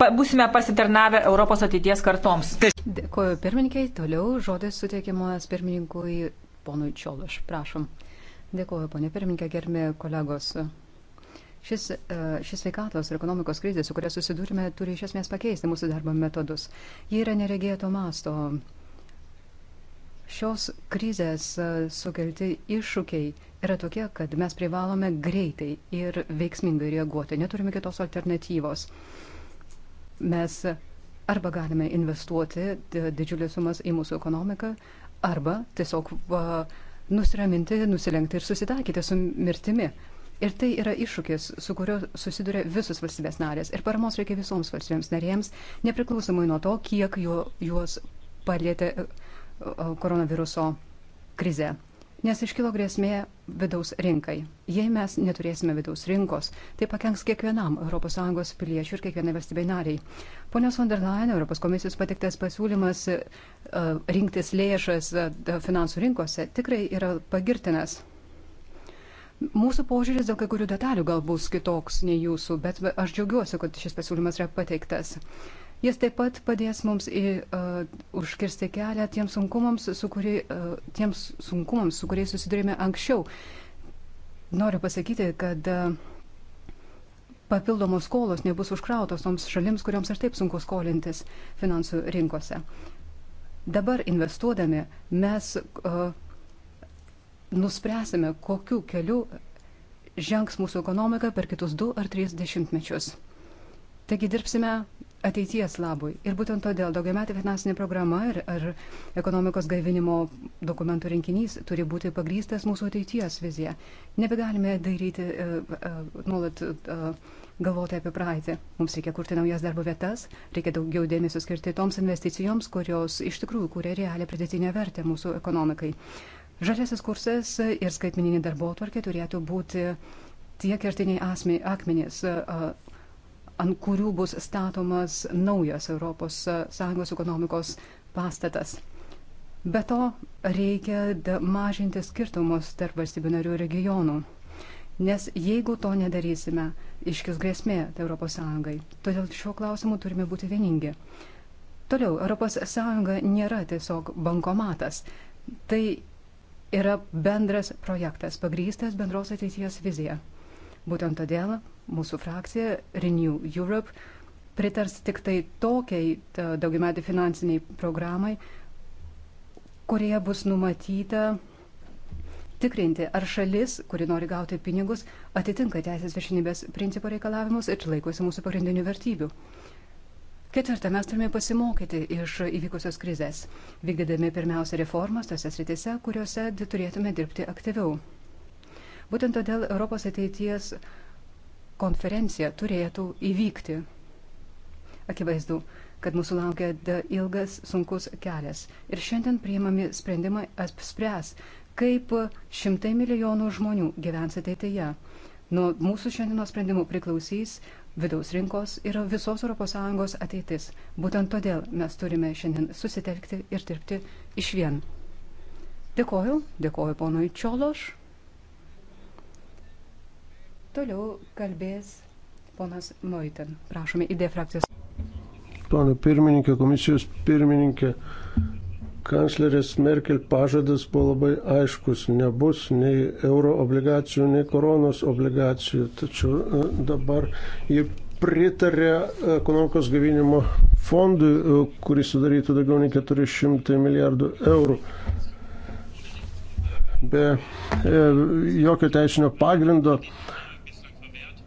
pa, būsime pasitarnavę Europos ateities kartoms. Dėkuoju pirmininkai, toliau žodis suteikiamas pirmininkui ponui Čiološ, prašom. Dėkuoju, ponė pirmininkė, gerbė kolegos. Šis, e, šis sveikatos ir ekonomikos krizė, su kuria susidūrime, turi iš esmės pakeisti mūsų darbo metodus. Jie yra neregėto masto. Šios krizės e, sukelti iššūkiai yra tokie, kad mes privalome greitai ir veiksmingai reaguoti, neturime kitos alternatyvos. Mes arba galime investuoti didžiulės sumas į mūsų ekonomiką, arba tiesiog va, nusiraminti, nusilenkti ir susitaikyti su mirtimi. Ir tai yra iššūkis, su kuriuo susiduria visus valstybės narės. Ir paramos reikia visoms valstybėms narėms, nepriklausomai nuo to, kiek jo, juos palėtė. Uh, koronaviruso krize, nes iškilo grėsmė vidaus rinkai. Jei mes neturėsime vidaus rinkos, tai pakenks kiekvienam ES piliečiui ir kiekvienai valstybei nariai. Ponios von der Leyen, Europos komisijos patiktas pasiūlymas e, rinktis lėšas e, finansų rinkose tikrai yra pagirtinas. Mūsų požiūris dėl kai kurių detalių gal bus kitoks nei jūsų, bet aš džiaugiuosi, kad šis pasiūlymas yra pateiktas. Jis taip pat padės mums į, uh, užkirsti kelią tiems sunkumams, su, kuri, uh, tiems sunkumams, su kuriais susidurėme anksčiau. Noriu pasakyti, kad uh, papildomos skolos nebus užkrautos toms šalims, kuriuoms ir taip sunku skolintis finansų rinkose. Dabar investuodami mes uh, nuspręsime, kokiu keliu žengs mūsų ekonomika per kitus du ar tris dešimtmečius. Taigi dirbsime ateities labui. Ir būtent todėl daugiametė finansinė programa ir, ir ekonomikos gaivinimo dokumentų rinkinys turi būti pagrystas mūsų ateities vizija. Nebegalime daryti uh, e, uh, e, nuolat uh, galvoti apie praeitį. Mums reikia kurti naujas darbo vietas, reikia daugiau dėmesio skirti toms investicijoms, kurios iš tikrųjų kūrė realią pridėtinę vertę mūsų ekonomikai. Žaliasis kursas ir skaitmininė darbo tvarkė turėtų būti tie kertiniai asmenys. Uh, ant kurių bus statomas naujas ES ekonomikos pastatas. Be to, reikia mažinti skirtumus tarp valstybių narių regionų, nes jeigu to nedarysime, iškis grėsmė tai ES. Todėl šiuo klausimu turime būti vieningi. Toliau, ES nėra tiesiog bankomatas. Tai yra bendras projektas, pagrystas bendros ateities vizija. Būtent todėl mūsų frakcija Renew Europe pritars tik tai tokiai daugiametį finansiniai programai, kurioje bus numatyta tikrinti, ar šalis, kuri nori gauti pinigus, atitinka teisės viršinybės principo reikalavimus ir laikosi mūsų pagrindinių vertybių. Ketvirta, mes turime pasimokyti iš įvykusios krizės, vykdydami pirmiausia reformas tose sritise, kuriuose turėtume dirbti aktyviau. Būtent todėl Europos ateities uh, konferencija turėtų įvykti. Akivaizdu, kad mūsų laukia ilgas, sunkus kelias. Ir šiandien priimami sprendimai apspręs, kaip šimtai milijonų žmonių gyvens ateityje. Nuo mūsų šiandienos sprendimų priklausys vidaus rinkos ir visos ES ateitis. Būtent todėl mes turime šiandien susitelkti ir dirbti iš vien. Dėkoju, dėkoju ponui Čiološ. Toliau kalbės ponas Moiten. Prašome, idėja frakcijos. Pana pirmininkė, komisijos pirmininkė, kanclerės Merkel pažadas buvo labai aiškus, nebus nei euro obligacijų, nei koronos obligacijų, tačiau e, dabar ji pritarė e, ekonomikos gavinimo fondui, e, kuris sudarytų daugiau nei 400 milijardų eurų. Be jokio teisinio pagrindo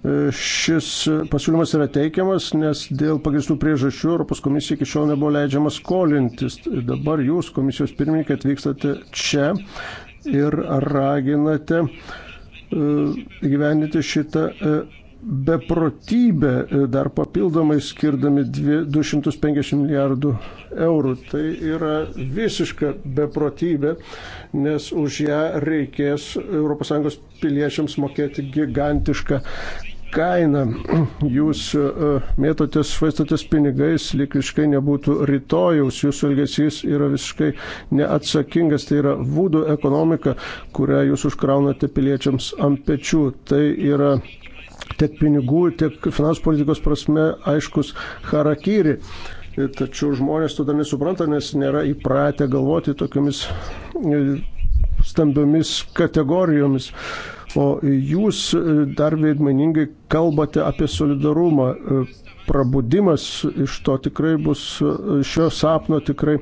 E, šis pasiūlymas yra teikiamas, nes dėl pagristų priežasčių Europos komisija iki šiol nebuvo leidžiama skolintis. Dabar jūs, komisijos pirmininkai, atvykstate čia ir raginate e, gyveninti šitą e, beprotybę, dar papildomai skirdami 250 milijardų eurų. Tai yra visiška beprotybė, nes už ją reikės ES piliečiams mokėti gigantišką kainą. Jūs e, e, mėtotės, švaistotės pinigais, lyg visiškai nebūtų rytojaus, jūsų elgesys yra visiškai neatsakingas, tai yra vūdų ekonomika, kurią jūs užkraunate piliečiams ant pečių. Tai yra tiek pinigų, tiek finansų politikos prasme aiškus harakyri. Tačiau žmonės to dar nesupranta, nes nėra įpratę galvoti tokiamis e, stambiomis kategorijomis. O jūs e, dar veidmaningai kalbate apie solidarumą. E, prabudimas iš to tikrai bus, e, šio sapno tikrai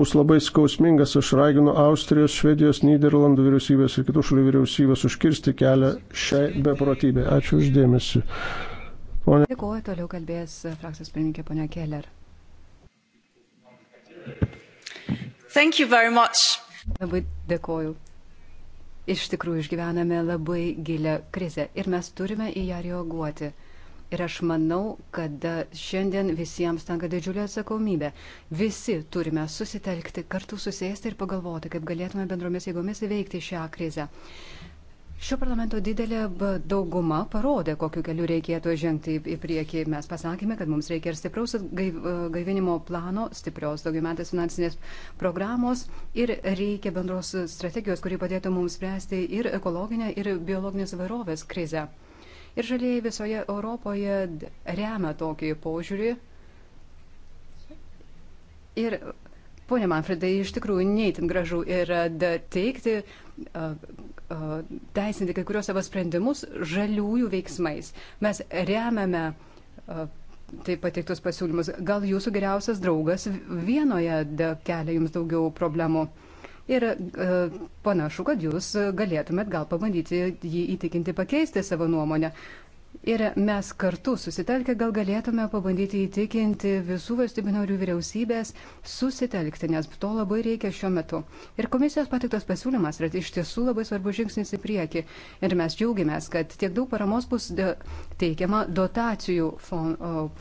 bus labai skausmingas. Aš raginu Austrijos, Švedijos, Niderlandų vyriausybės ir kitų šalių vyriausybės užkirsti kelią šiai beprotybė. Ačiū uždėmesi. Pone... Dėkuoju, toliau kalbės frakcijos pirmininkė ponia Keller. Labai dėkuoju. Iš tikrųjų išgyvename labai gilę krizę ir mes turime į ją reaguoti. Ir aš manau, kad šiandien visiems tenka didžiulė atsakomybė. Visi turime susitelkti, kartu susėsti ir pagalvoti, kaip galėtume bendromis jėgomis įveikti šią krizę. Šio parlamento didelė dauguma parodė, kokiu keliu reikėtų žengti į priekį. Mes pasakėme, kad mums reikia ir stipraus e, gaivinimo plano, stiprios daugiametės finansinės programos ir reikia bendros strategijos, kuri padėtų mums spręsti ir ekologinę, ir biologinės vairovės krizę. Ir žalieji visoje Europoje remia tokį požiūrį. Ir Pone Manfredai, iš tikrųjų neįtin gražu yra teikti, teisinti kai kurios savo sprendimus žaliųjų veiksmais. Mes remiame taip pateiktus pasiūlymus. Gal jūsų geriausias draugas vienoje kelia jums daugiau problemų. Ir e, panašu, kad jūs galėtumėt gal pabandyti jį įtikinti pakeisti savo nuomonę. Ir mes kartu susitelkę gal galėtume pabandyti įtikinti visų valstybių narių vyriausybės susitelkti, nes to labai reikia šiuo metu. Ir komisijos patiktas pasiūlymas yra iš tiesų labai svarbus žingsnis į priekį. Ir mes džiaugiamės, kad tiek daug paramos bus teikiama dotacijų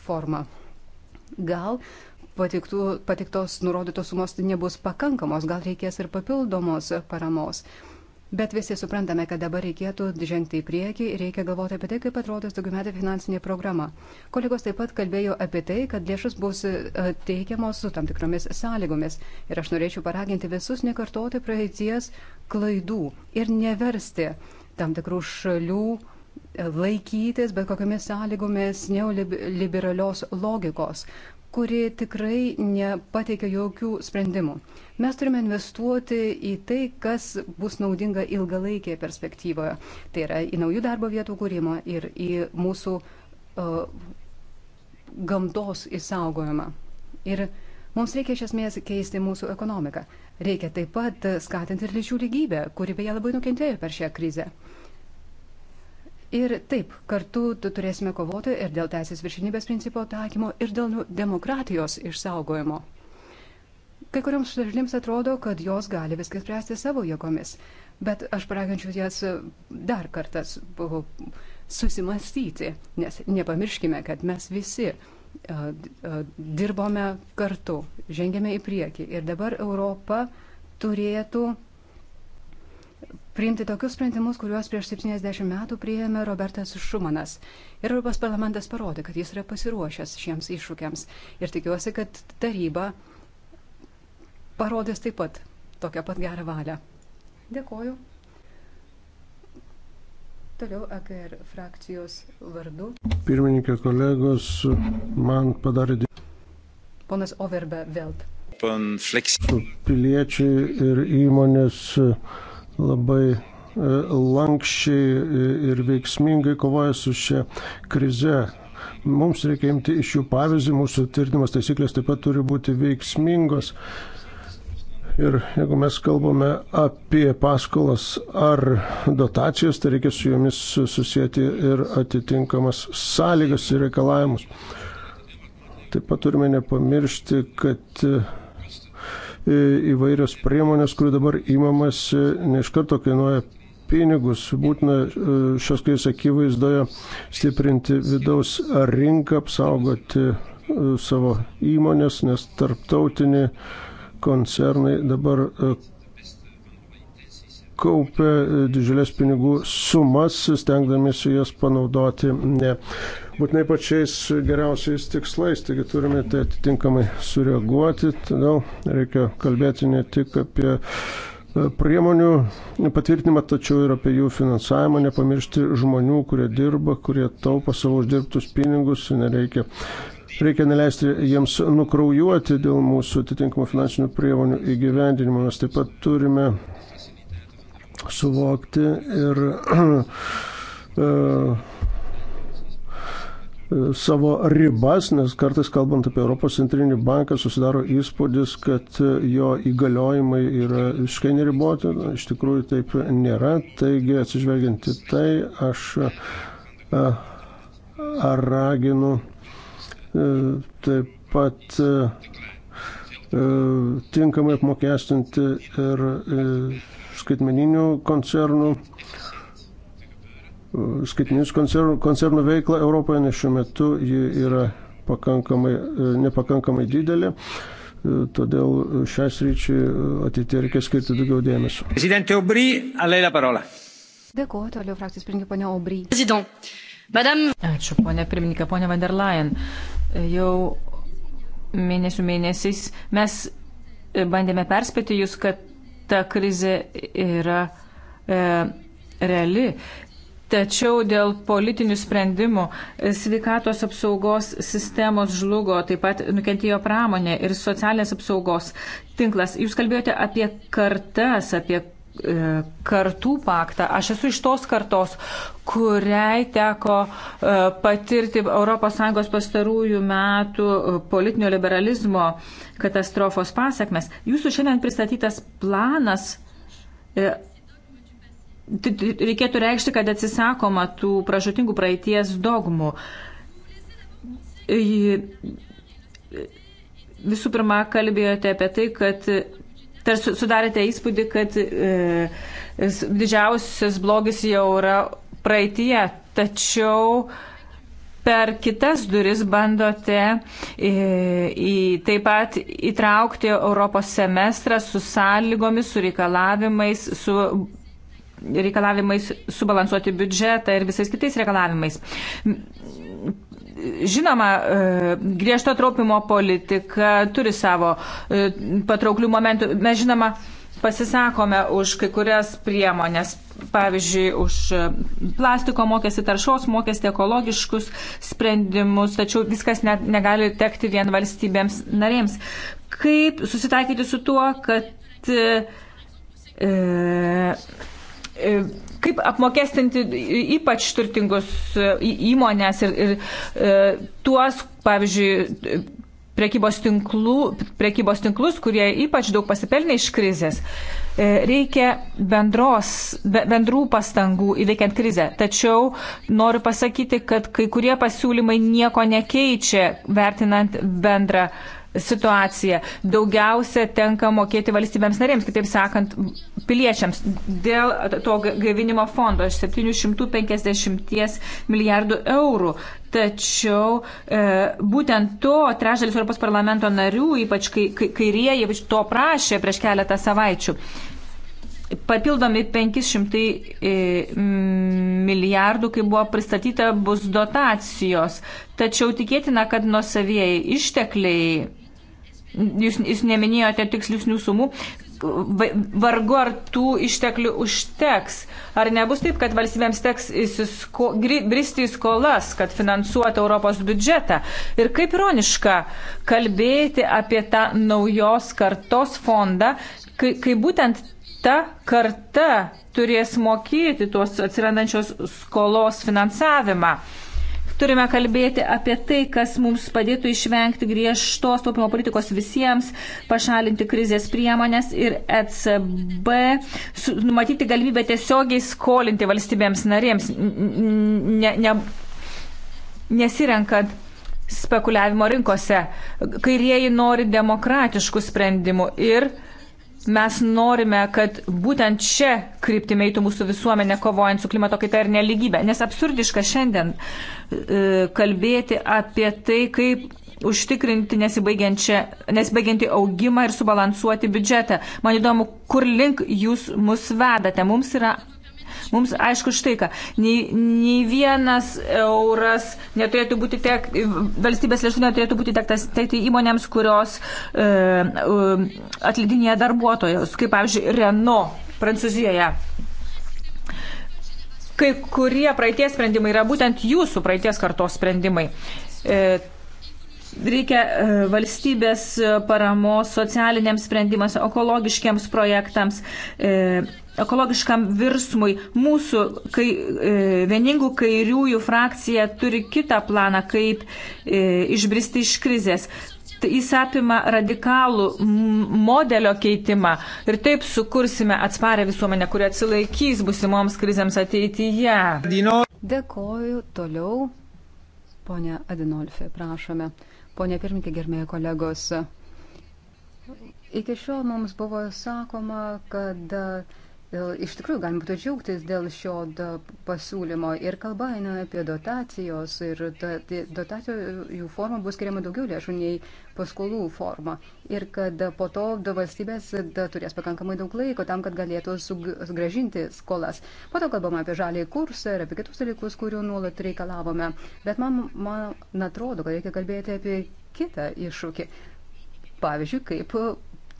forma. Gal patiktų, patiktos nurodytos sumos nebus pakankamos, gal reikės ir papildomos paramos. Bet visi suprantame, kad dabar reikėtų žengti į priekį ir reikia galvoti apie tai, kaip atrodys daugiametė finansinė programa. Kolegos taip pat kalbėjo apie tai, kad lėšus bus e, teikiamos su tam tikromis sąlygomis. Ir aš norėčiau paraginti visus nekartoti praeities klaidų ir neversti tam tikrų šalių e, laikytis bet kokiamis sąlygomis neoliberalios logikos, kuri tikrai nepateikia jokių sprendimų. Mes turime investuoti į tai, kas bus naudinga ilgalaikėje perspektyvoje. Tai yra į naujų darbo vietų kūrimą ir į mūsų uh, gamtos įsaugojimą. Ir mums reikia iš esmės keisti mūsų ekonomiką. Reikia taip pat skatinti ir lyčių lygybę, kuri beje labai nukentėjo per šią krizę. Uh, Ir taip, kartu turėsime kovoti ir dėl teisės viršinybės principo taikymo, ir dėl nu, demokratijos išsaugojimo. Kai kurioms šalims atrodo, kad jos gali viską spręsti savo jėgomis, bet aš paraginčiau jas dar kartą susimastyti, nes nepamirškime, kad mes visi dirbome kartu, žengėme į priekį ir dabar Europa turėtų priimti tokius sprendimus, kuriuos prieš 70 metų priėmė Robertas Šumanas. Ir Europos parlamentas parodė, kad jis yra pasiruošęs šiems iššūkiams. Ir tikiuosi, kad taryba parodės taip pat tokią pat gerą valią. Dėkoju. Toliau AKR frakcijos vardu. Pirmininkė kolegos, man padarė. Ponas Overbe Velt. Piliečiai ir įmonės. Uh, labai e, lankščiai e, ir veiksmingai kovoja su šia krize. Mums reikia imti iš jų pavyzdį, mūsų tvirtinimas taisyklės taip pat turi būti veiksmingos. Ir jeigu mes kalbame apie paskolas ar dotacijas, tai reikia su jomis susijęti ir atitinkamas sąlygas ir reikalavimus. Taip pat turime nepamiršti, kad įvairios priemonės, kurių dabar įmamas e, ne iš karto kainuoja pinigus. Būtina e, šios krizės akivaizdoje stiprinti vidaus rinką, apsaugoti e, savo įmonės, nes tarptautiniai koncernai dabar kaupia didžiulės pinigų sumas, stengdamiesi jas panaudoti ne būtinai pačiais geriausiais tikslais, taigi turime tai atitinkamai sureaguoti, todėl reikia kalbėti ne tik apie e, priemonių patvirtinimą, tačiau ir apie jų finansavimą, nepamiršti žmonių, kurie dirba, kurie taupa savo uždirbtus pinigus, nereikia. Reikia neleisti jiems nukraujuoti dėl mūsų atitinkamų finansinių priemonių įgyvendinimo. Mes taip pat turime suvokti ir e, e, savo ribas, nes kartais kalbant apie Europos centrinį banką susidaro įspūdis, kad jo įgaliojimai yra visiškai neriboti, iš tikrųjų taip nėra. Taigi atsižvelgiant į tai, aš e, raginu taip pat tinkamai apmokestinti ir skaitmeninių koncernų, e, skaitmeninius koncernų, koncernų veiklą Europoje, nes šiuo metu ji yra pakankamai, e, nepakankamai didelė. E, todėl šią sryčią ateitie reikia skirti daugiau dėmesio. Prezidentė Obry, alei la parola. Dėkuoju, toliau frakcijos pirmininkė ponia Obry. Madame... Ačiū, ponia pirmininkė, ponia van der Leyen. Jau mėnesių mėnesiais mes bandėme perspėti jūs, kad ta krizė yra e, reali. Tačiau dėl politinių sprendimų e, sveikatos apsaugos sistemos žlugo, taip pat nukentėjo pramonė ir socialinės apsaugos tinklas. Jūs kalbėjote apie kartas, apie E, kartų paktą. Aš esu iš tos kartos, kuriai teko e, patirti ES pastarųjų metų e, politinio liberalizmo katastrofos pasakmes. Jūsų šiandien pristatytas planas reikėtų reikšti, kad atsisakoma tų pražutingų praeities dogmų. Visų pirma, kalbėjote apie tai, kad tarsi sudarėte įspūdį, kad e, didžiausias blogis jau yra praeitie, tačiau per kitas duris bandote į, e, į, taip pat įtraukti Europos semestrą su sąlygomis, su reikalavimais, su reikalavimais subalansuoti biudžetą ir visais kitais reikalavimais. Žinoma, e, griežto traupimo politika turi savo e, patrauklių momentų. Mes žinoma pasisakome už kai kurias priemonės, pavyzdžiui, už e, plastiko mokestį, taršos mokestį, ekologiškus sprendimus, tačiau viskas ne, negali tekti vien valstybėms narėms. Kaip susitaikyti su tuo, kad e, e, kaip apmokestinti ypač turtingus e, įmonės ir, ir e, tuos, pavyzdžiui, prekybos, tinklų, prekybos tinklus, kurie ypač daug pasipelnė iš krizės. E, reikia bendros, bendrų pastangų įveikiant krizę. Tačiau noriu pasakyti, kad kai kurie pasiūlymai nieko nekeičia, vertinant bendrą uh, situacija. Daugiausia tenka mokėti valstybėms narėms, kitaip sakant, piliečiams. Dėl to gaivinimo fondo 750 milijardų eurų. Tačiau e, būtent to trečdalis Europos parlamento narių, ypač kai, kai, kairieji, ypač to prašė prieš keletą savaičių. Papildomi 500 e, milijardų, kai buvo pristatyta, bus dotacijos. Tačiau tikėtina, kad nuosavieji ištekliai jūs, jūs neminėjote tikslišnių sumų, vargu ar tų išteklių užteks. Ar nebus taip, kad valstybėms teks įsisko, bristi į skolas, kad finansuotų Europos biudžetą? Ir kaip ironiška kalbėti apie tą naujos kartos fondą, kai, kai būtent ta karta turės mokėti tuos atsirandančios skolos finansavimą. Turime kalbėti apie tai, kas mums padėtų išvengti griežtos taupimo politikos visiems, pašalinti krizės priemonės ir ECB numatyti galimybę tiesiogiai skolinti valstybėms narėms, ne, ne, nesirenkant spekuliavimo rinkose. Kairieji nori demokratiškų sprendimų ir mes norime, kad būtent čia kryptime eitų mūsų visuomenė kovojant su klimato kaita ir neligybė. Nes absurdiška šiandien e, kalbėti apie tai, kaip užtikrinti nesibaigiantį augimą ir subalansuoti biudžetą. Man įdomu, kur link jūs mus vedate. Mums yra Mums aišku štai ką, nei, nei vienas euras neturėtų būti tiek, valstybės lėšų neturėtų būti tektas teikti tai įmonėms, kurios e, e, atlidinėja darbuotojus, kaip pavyzdžiui Renault Prancūzijoje. Kai kurie praeities sprendimai yra būtent jūsų praeities kartos sprendimai. E, Reikia e, valstybės paramos socialiniams sprendimams, ekologiškiams projektams, e, ekologiškam virsmui. Mūsų kai, e, vieningų kairiųjų frakcija turi kitą planą, kaip išbristi iš krizės. Jis apima radikalų modelio keitimą ir taip sukursime atsparę visuomenę, kuri atsilaikys busimoms krizėms ateityje. Dėkoju toliau. Pone Adinolfi, prašome. Pone pirmininkė, gerbėjai kolegos, iki šiol mums buvo sakoma, kad Iš tikrųjų, galim būtų džiaugtis dėl šio pasiūlymo ir kalba eina apie dotacijos ir dotacijų forma bus skiriama daugiau lėšų nei paskolų forma ir kad po to valstybės turės pakankamai daug laiko tam, kad galėtų sugražinti skolas. Po to kalbama apie žalį kursą ir apie kitus dalykus, kurių nuolat reikalavome. Bet man, man atrodo, kad reikia kalbėti apie kitą iššūkį. Pavyzdžiui, kaip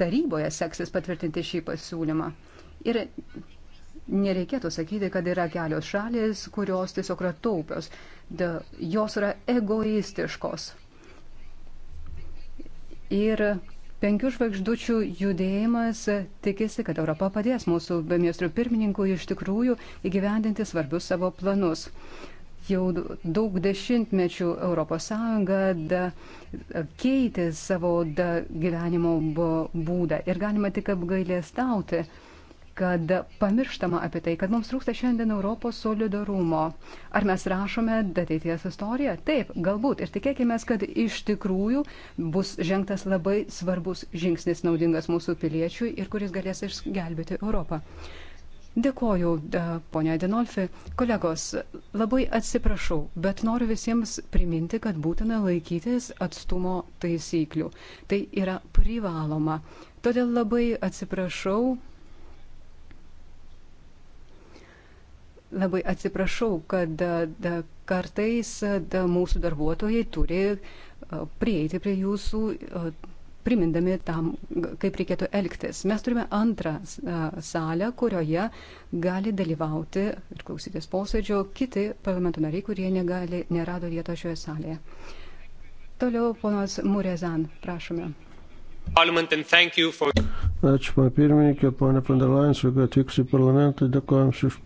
taryboje seksis patvirtinti šį pasiūlymą. Ir nereikėtų sakyti, kad yra kelios šalis, kurios tiesiog yra taupios. De, jos yra egoistiškos. Ir penkių žvaigždučių judėjimas tikisi, kad Europa padės mūsų ministrų pirmininkui iš tikrųjų įgyvendinti svarbius savo planus. Jau daug dešimtmečių ES keitė savo da, gyvenimo būdą ir galima tik apgailėstauti, kad pamirštama apie tai, kad mums trūksta šiandien Europos solidarumo. Ar mes rašome ateities istoriją? Taip, galbūt. Ir tikėkime, kad iš tikrųjų bus žengtas labai svarbus žingsnis naudingas mūsų piliečiui ir kuris galės išgelbėti Europą. Dėkoju, ponia Dinolfi. Kolegos, labai atsiprašau, bet noriu visiems priminti, kad būtina laikytis atstumo taisyklių. Tai yra privaloma. Todėl labai atsiprašau Labai atsiprašau, kad da, da, kartais da, mūsų darbuotojai turi prieiti prie jūsų, primindami tam, kaip reikėtų elgtis. Mes turime antrą salę, kurioje gali dalyvauti ir klausytis posėdžio kiti parlamento nariai, kurie negali, nerado vietos šioje salėje. Toliau ponas Murezan, prašome. Ačiū, pana pirmininkė, pana Panderlainsu, kad atvyks į parlamentą, dėkojams už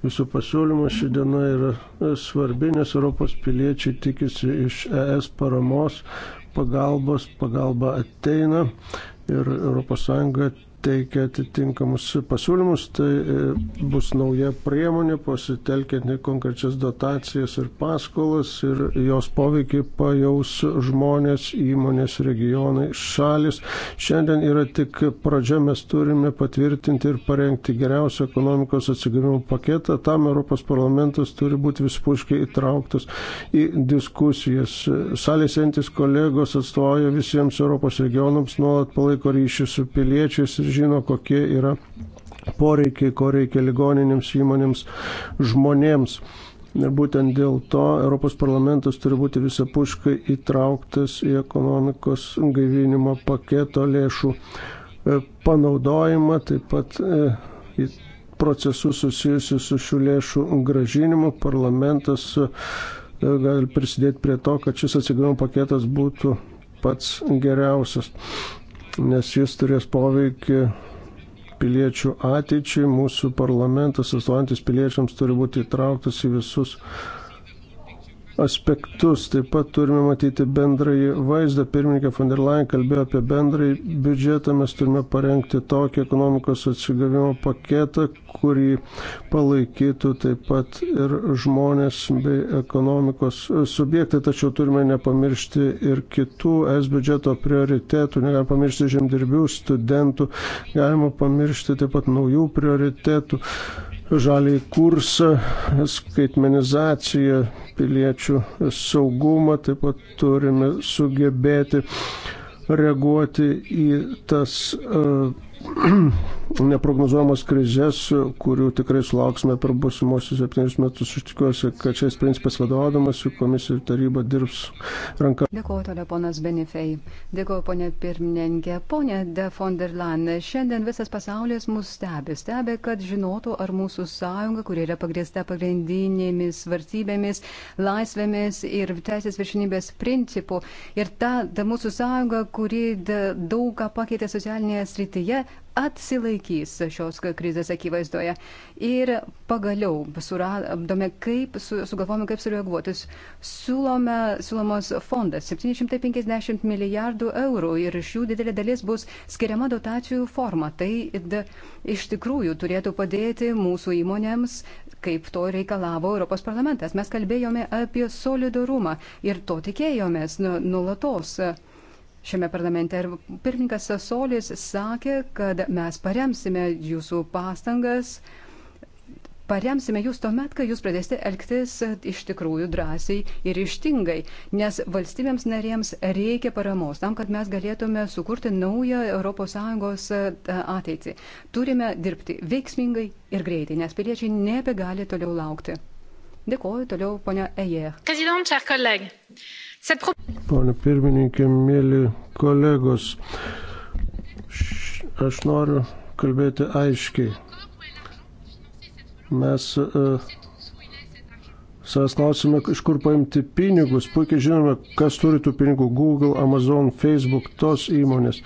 Jūsų pasiūlymas ši diena yra e, svarbi, nes Europos piliečiai tikisi iš ES paramos, pagalbos, pagalba ateina ir ES teikia atitinkamus pasiūlymus, tai e, bus nauja priemonė pasitelkiant konkrečias dotacijas ir paskolas ir jos poveikį pajaus žmonės, įmonės, regionai, šalis. Šiandien yra tik pradžia, mes turime patvirtinti ir parengti geriausią ekonomikos atsigavimo paketą. Tam Europos parlamentas turi būti vispuškai įtrauktas į diskusijas. Salės entis kolegos atstovauja visiems Europos regionams, nuolat palaiko ryšį su piliečiais ir žino, kokie yra poreikiai, ko reikia ligoninėms, įmonėms, žmonėms. Ir būtent dėl to Europos parlamentas turi būti visapuškai įtrauktas į ekonomikos gaivinimo paketo lėšų e, panaudojimą, taip pat e, į procesus susijusius su šių lėšų gražinimu. Parlamentas e, gali prisidėti prie to, kad šis atsigavimo paketas būtų pats geriausias nes jis turės poveikį piliečių ateičiai. Mūsų parlamentas, atstovantis piliečiams, turi būti įtrauktas į visus aspektus. Taip pat turime matyti bendrąjį vaizdą. Pirmininkė von der Leyen kalbėjo apie bendrąjį biudžetą. Mes turime parengti tokį ekonomikos atsigavimo paketą, kurį palaikytų taip pat ir žmonės bei ekonomikos subjektai. Tačiau turime nepamiršti ir kitų es biudžeto prioritetų. Negalime pamiršti žemdirbių, studentų. Galima pamiršti taip pat naujų prioritetų žalį kursą, skaitmenizaciją, piliečių saugumą, taip pat turime sugebėti reaguoti į tas uh, neprognozuojamas krizės, kurių tikrai sulauksime per busimuosius septynius metus. Aš tikiuosi, kad šiais principais vadovaudamas komisijų taryba dirbs ranka. Dėkuoju toliau, ponas Benifei. Dėkuoju, ponė pirmininkė. Ponė de von der Leyen, šiandien visas pasaulis mus stebi. Stebi, kad žinotų, ar mūsų sąjunga, kuri yra pagrėsta pagrindinėmis vartybėmis, laisvėmis ir teisės viršinybės principų, ir ta, ta mūsų sąjunga, kuri daug ką pakeitė socialinėje srityje, atsilaikys šios krizės akivaizdoje. Ir pagaliau suradome, kaip, su, sugalvome, kaip sureaguotis. Siūlome, siūlomos fondas 750 milijardų eurų ir iš jų didelė dalis bus skiriama dotacijų forma. Tai d, iš tikrųjų turėtų padėti mūsų įmonėms, kaip to reikalavo Europos parlamentas. Mes kalbėjome apie solidarumą ir to tikėjomės nu, nulatos. Nu, šiame parlamente. Ir pirmininkas Sasolis sakė, kad mes paremsime jūsų pastangas, paremsime jūs tuomet, kai jūs pradėsite elgtis e, iš tikrųjų drąsiai ir ištingai, nes valstybėms narėms reikia paramos tam, kad mes galėtume sukurti naują ES e, ateitį. Turime dirbti veiksmingai ir greitai, nes piliečiai nebegali toliau laukti. Dėkuoju toliau, ponia Eje. Prezident, cher kolegė. Pone pirmininkė, mėly kolegos, aš noriu kalbėti aiškiai. Mes uh, savęs klausime, iš kur paimti pinigus. Puikiai žinome, kas turi tų pinigų - Google, Amazon, Facebook, tos įmonės.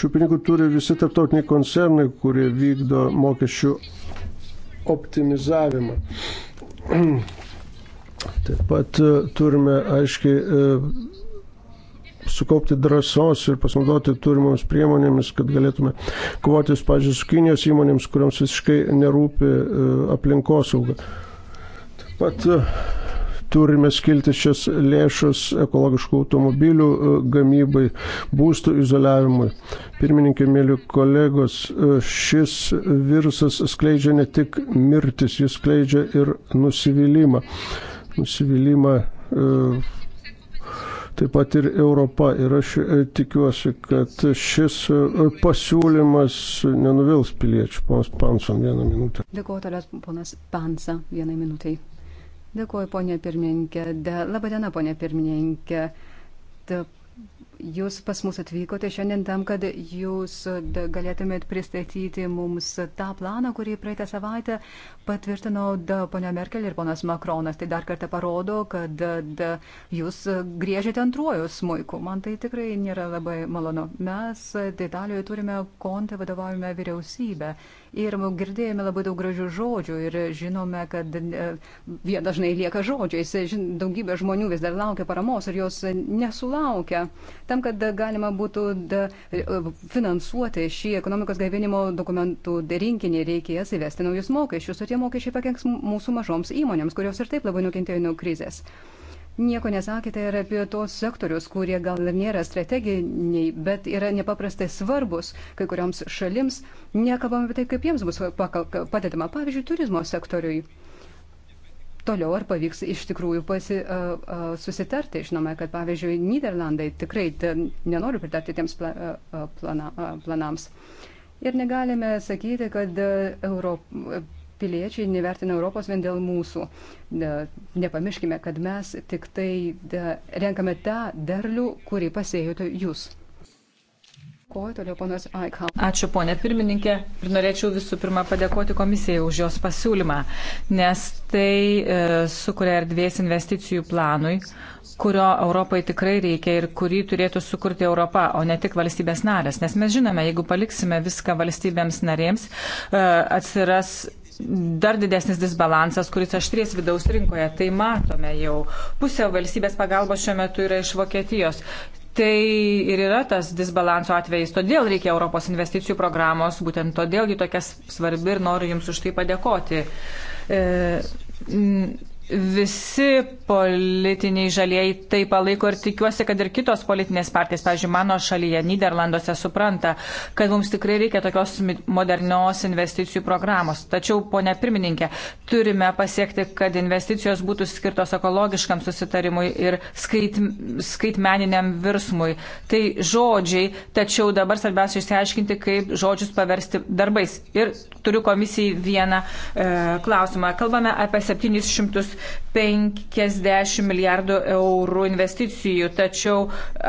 Šių pinigų turi visi tarptautiniai koncernai, kurie vykdo mokesčių optimizavimą. Taip pat e, turime aiškiai e, sukaupti drąsos ir pasinaudoti turimomis priemonėmis, kad galėtume kovoti, pažiūrėjau, su Kinijos įmonėms, kuriams visiškai nerūpi e, aplinkosauga. Taip pat turime skilti šias lėšas ekologiškų automobilių gamybai, būstų izoliavimui. Pirmininkė, mėly kolegos, šis virusas skleidžia ne tik mirtis, jis skleidžia ir nusivylimą nusivylimą e, taip pat ir Europa. Ir aš e, tikiuosi, kad šis e, pasiūlymas nenuvils piliečių. Ponas Panson, vieną minutę. Dėkuoju toliau, ponas Pansa, vieną minutę. Dėkuoju, ponė pirmininkė. De... Labadiena, ponė pirmininkė. De... Jūs pas mus atvykote šiandien tam, kad jūs galėtumėt pristatyti mums tą planą, kurį praeitą savaitę patvirtino ponia Merkel ir ponas Makronas. Tai dar kartą parodo, kad da, jūs griežėte antruoju smuiku. Man tai tikrai nėra labai malonu. Mes Italijoje turime kontą vadovaujame vyriausybę ir girdėjome labai daug gražių žodžių ir žinome, kad e, jie dažnai lieka žodžiais. Daugybė žmonių vis dar laukia paramos ir jos nesulaukia. Tam, kad galima būtų e, finansuoti šį ekonomikos gaivinimo dokumentų rinkinį, reikės įvesti naujus mokesčius, o tie mokesčiai pakenks mūsų mažoms įmonėms, kurios ir taip labai nukentėjo nuo krizės. Nieko nesakėte ir apie tos sektorius, kurie gal ir nėra strateginiai, bet yra nepaprastai svarbus kai kurioms šalims. Nekalbam apie tai, kaip jiems bus padedama, pavyzdžiui, turizmo sektoriui. Toliau ar pavyks iš tikrųjų pasi, uh, uh, susitarti. Žinome, kad pavyzdžiui, Niderlandai tikrai nenori pritarti tiems pla, uh, plana, uh, planams. Ir negalime sakyti, kad uh, Europa. Uh, piliečiai nevertina Europos vien dėl mūsų. Ne, nepamirškime, kad mes tik tai de, renkame tą derlių, kurį pasėjote jūs. Ko toliau, ponas Aikau? Ačiū, ponė pirmininkė. Ir norėčiau visų pirma padėkoti komisijai už jos pasiūlymą, nes tai e, sukuria erdvės investicijų planui, kurio Europai tikrai reikia ir kurį turėtų sukurti Europa, o ne tik valstybės narės. Nes mes žinome, jeigu paliksime viską valstybėms narėms, e, atsiras dar didesnis disbalansas, kuris aštrės vidaus rinkoje. Tai matome jau. Pusė valstybės pagalbos šiuo metu yra iš Vokietijos. Tai ir yra tas disbalanso atvejais. Todėl reikia Europos investicijų programos, būtent todėl ji tokia svarbi ir noriu Jums už tai padėkoti. E, visi politiniai žalieji tai palaiko ir tikiuosi, kad ir kitos politinės partijas, pavyzdžiui, mano šalyje, Niderlanduose, supranta, kad mums tikrai reikia tokios modernios investicijų programos. Tačiau, ponia pirmininkė, turime pasiekti, kad investicijos būtų skirtos ekologiškam susitarimui ir skait, skaitmeniniam virsmui. Tai žodžiai, tačiau dabar svarbiausia išsiaiškinti, kaip žodžius paversti darbais. Ir turiu komisijai vieną e, klausimą. Kalbame apie 700 50 milijardų eurų investicijų, tačiau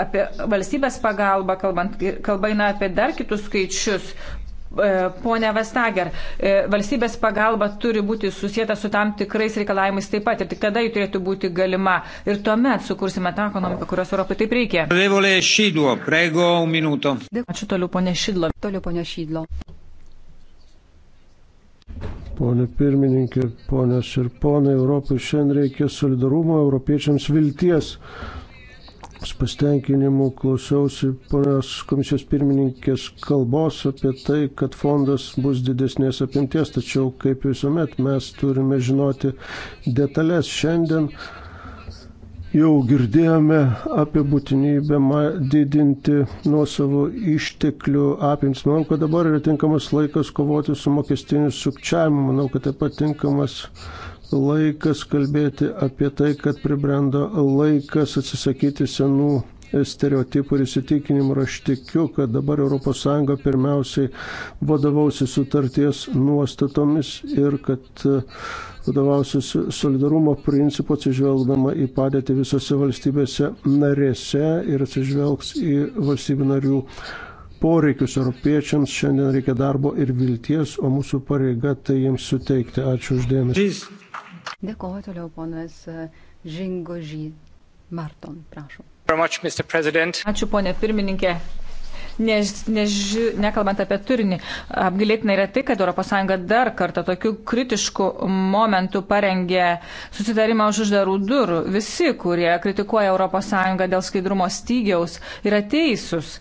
apie valstybės pagalbą kalbant, kalba eina apie dar kitus skaičius. E, pone Vestager, e, valstybės pagalba turi būti susijęta su tam tikrais reikalavimais taip pat ir tik tada jų turėtų būti galima. Ir tuomet sukursime tą ekonomiką, kurios Europai taip reikia. Ačiū toliau, ponė Šidlo. Toliau, ponė Šidlo. Pone pirmininkė, ponios ir ponai, Europai šiandien reikia solidarumo, europiečiams vilties. Su pasitenkinimu klausiausi ponios komisijos pirmininkės kalbos apie tai, kad fondas bus didesnės apimties, tačiau kaip visuomet mes turime žinoti detalės šiandien. Jau girdėjome apie būtinybę didinti nuosavų išteklių apimtis. Manau, kad dabar yra tinkamas laikas kovoti su mokestiniu sukčiavimu. Manau, kad taip pat tinkamas laikas kalbėti apie tai, kad pribrendo laikas atsisakyti senų stereotipų ir įsitikinimų ir aš tikiu, kad dabar ES pirmiausiai vadovausi sutarties nuostatomis ir kad uh, vadovausius solidarumo principu atsižvelgdama į padėtį visose valstybėse narėse ir atsižvelgs į valstybių narių poreikius. Europiečiams šiandien reikia darbo ir vilties, o mūsų pareiga tai jiems suteikti. Ačiū uždėmesį. Dėkuoju toliau, ponas e, Žingožy Marton, prašau. Much, Ačiū, ponė pirmininkė než, než, nekalbant apie turinį. Apgailėtina yra tai, kad ES dar kartą tokiu kritišku momentu parengė susitarimą už uždarų durų. Visi, kurie kritikuoja ES dėl skaidrumo stygiaus, yra teisūs.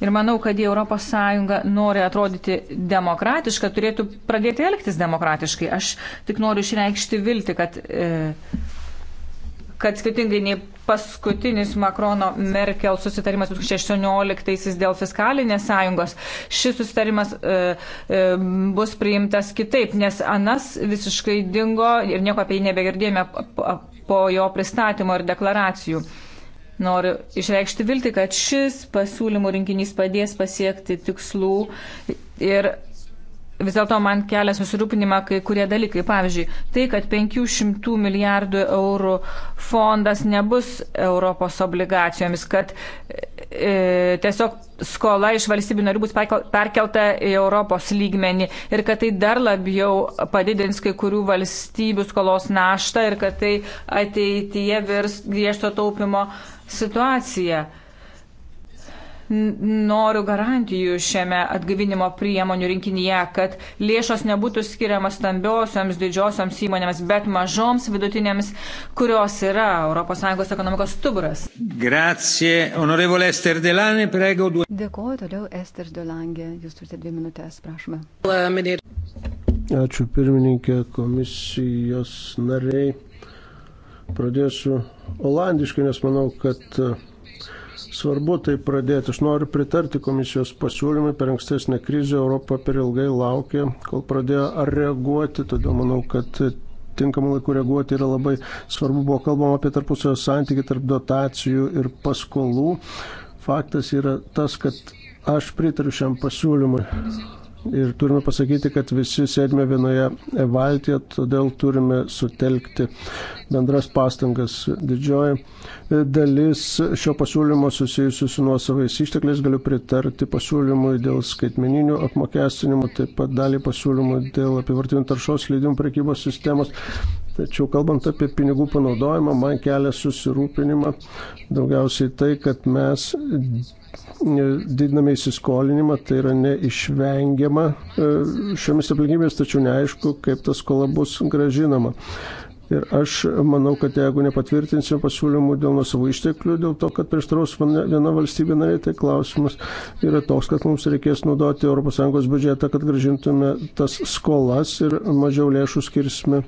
Ir manau, kad jei ES nori atrodyti demokratišką, turėtų pradėti elgtis demokratiškai. Aš tik noriu išreikšti viltį, kad. E, kad skirtingai nei paskutinis Makrono Merkel susitarimas 2016 dėl fiskalinės sąjungos, šis susitarimas e, e, bus priimtas kitaip, nes Anas visiškai dingo ir nieko apie jį nebegirdėjome po jo pristatymo ir deklaracijų. Noriu išreikšti vilti, kad šis pasiūlymų rinkinys padės pasiekti tikslų ir vis dėlto man kelia susirūpinimą kai kurie dalykai. Pavyzdžiui, tai, kad 500 milijardų eurų fondas nebus Europos obligacijomis, kad e, tiesiog skola iš valstybių narių bus perkelta į Europos lygmenį ir kad tai dar labiau padidins kai kurių valstybių skolos naštą ir kad tai ateityje virs griežto taupimo situaciją noriu garantijų šiame atgavinimo priemonių rinkinyje, kad lėšos nebūtų skiriamas stambiosioms, didžiosioms įmonėms, bet mažoms vidutinėms, kurios yra ES ekonomikos stuburas. Grazie, honorevole Ester Delanė, prego du. Dėkuoju, toliau Ester Delanė, jūs turite dvi minutės, prašome. Ačiū pirmininkė, komisijos nariai. Pradėsiu olandiškai, nes manau, kad uh, Svarbu tai pradėti. Aš noriu pritarti komisijos pasiūlymui. Per ankstesnę krizę Europą per ilgai laukė, kol pradėjo reaguoti. Todėl manau, kad tinkamų laikų reaguoti yra labai svarbu. Buvo kalbama apie tarpusio santykį tarp dotacijų ir paskolų. Faktas yra tas, kad aš pritariu šiam pasiūlymui ir turime pasakyti, kad visi sėdime vienoje valtyje, todėl turime sutelkti bendras pastangas. Didžioji e, dalis šio pasiūlymo susijusių su nuosavais ištekliais galiu pritarti pasiūlymui dėl skaitmeninių apmokestinimų, taip pat dalį pasiūlymų dėl apivartinių taršos leidimų prekybos sistemos. Tačiau kalbant apie pinigų panaudojimą, man kelia susirūpinimą daugiausiai tai, kad mes didiname įsiskolinimą, tai yra neišvengiama e, šiomis aplinkybėmis, tačiau neaišku, kaip ta skola bus gražinama. Ir aš manau, kad jeigu nepatvirtinsim pasiūlymų dėl nusavų išteklių, dėl to, kad prieštaraus viena valstybė narė, tai klausimas yra toks, kad mums reikės naudoti ES biudžetą, kad gražintume tas skolas ir mažiau lėšų skirsime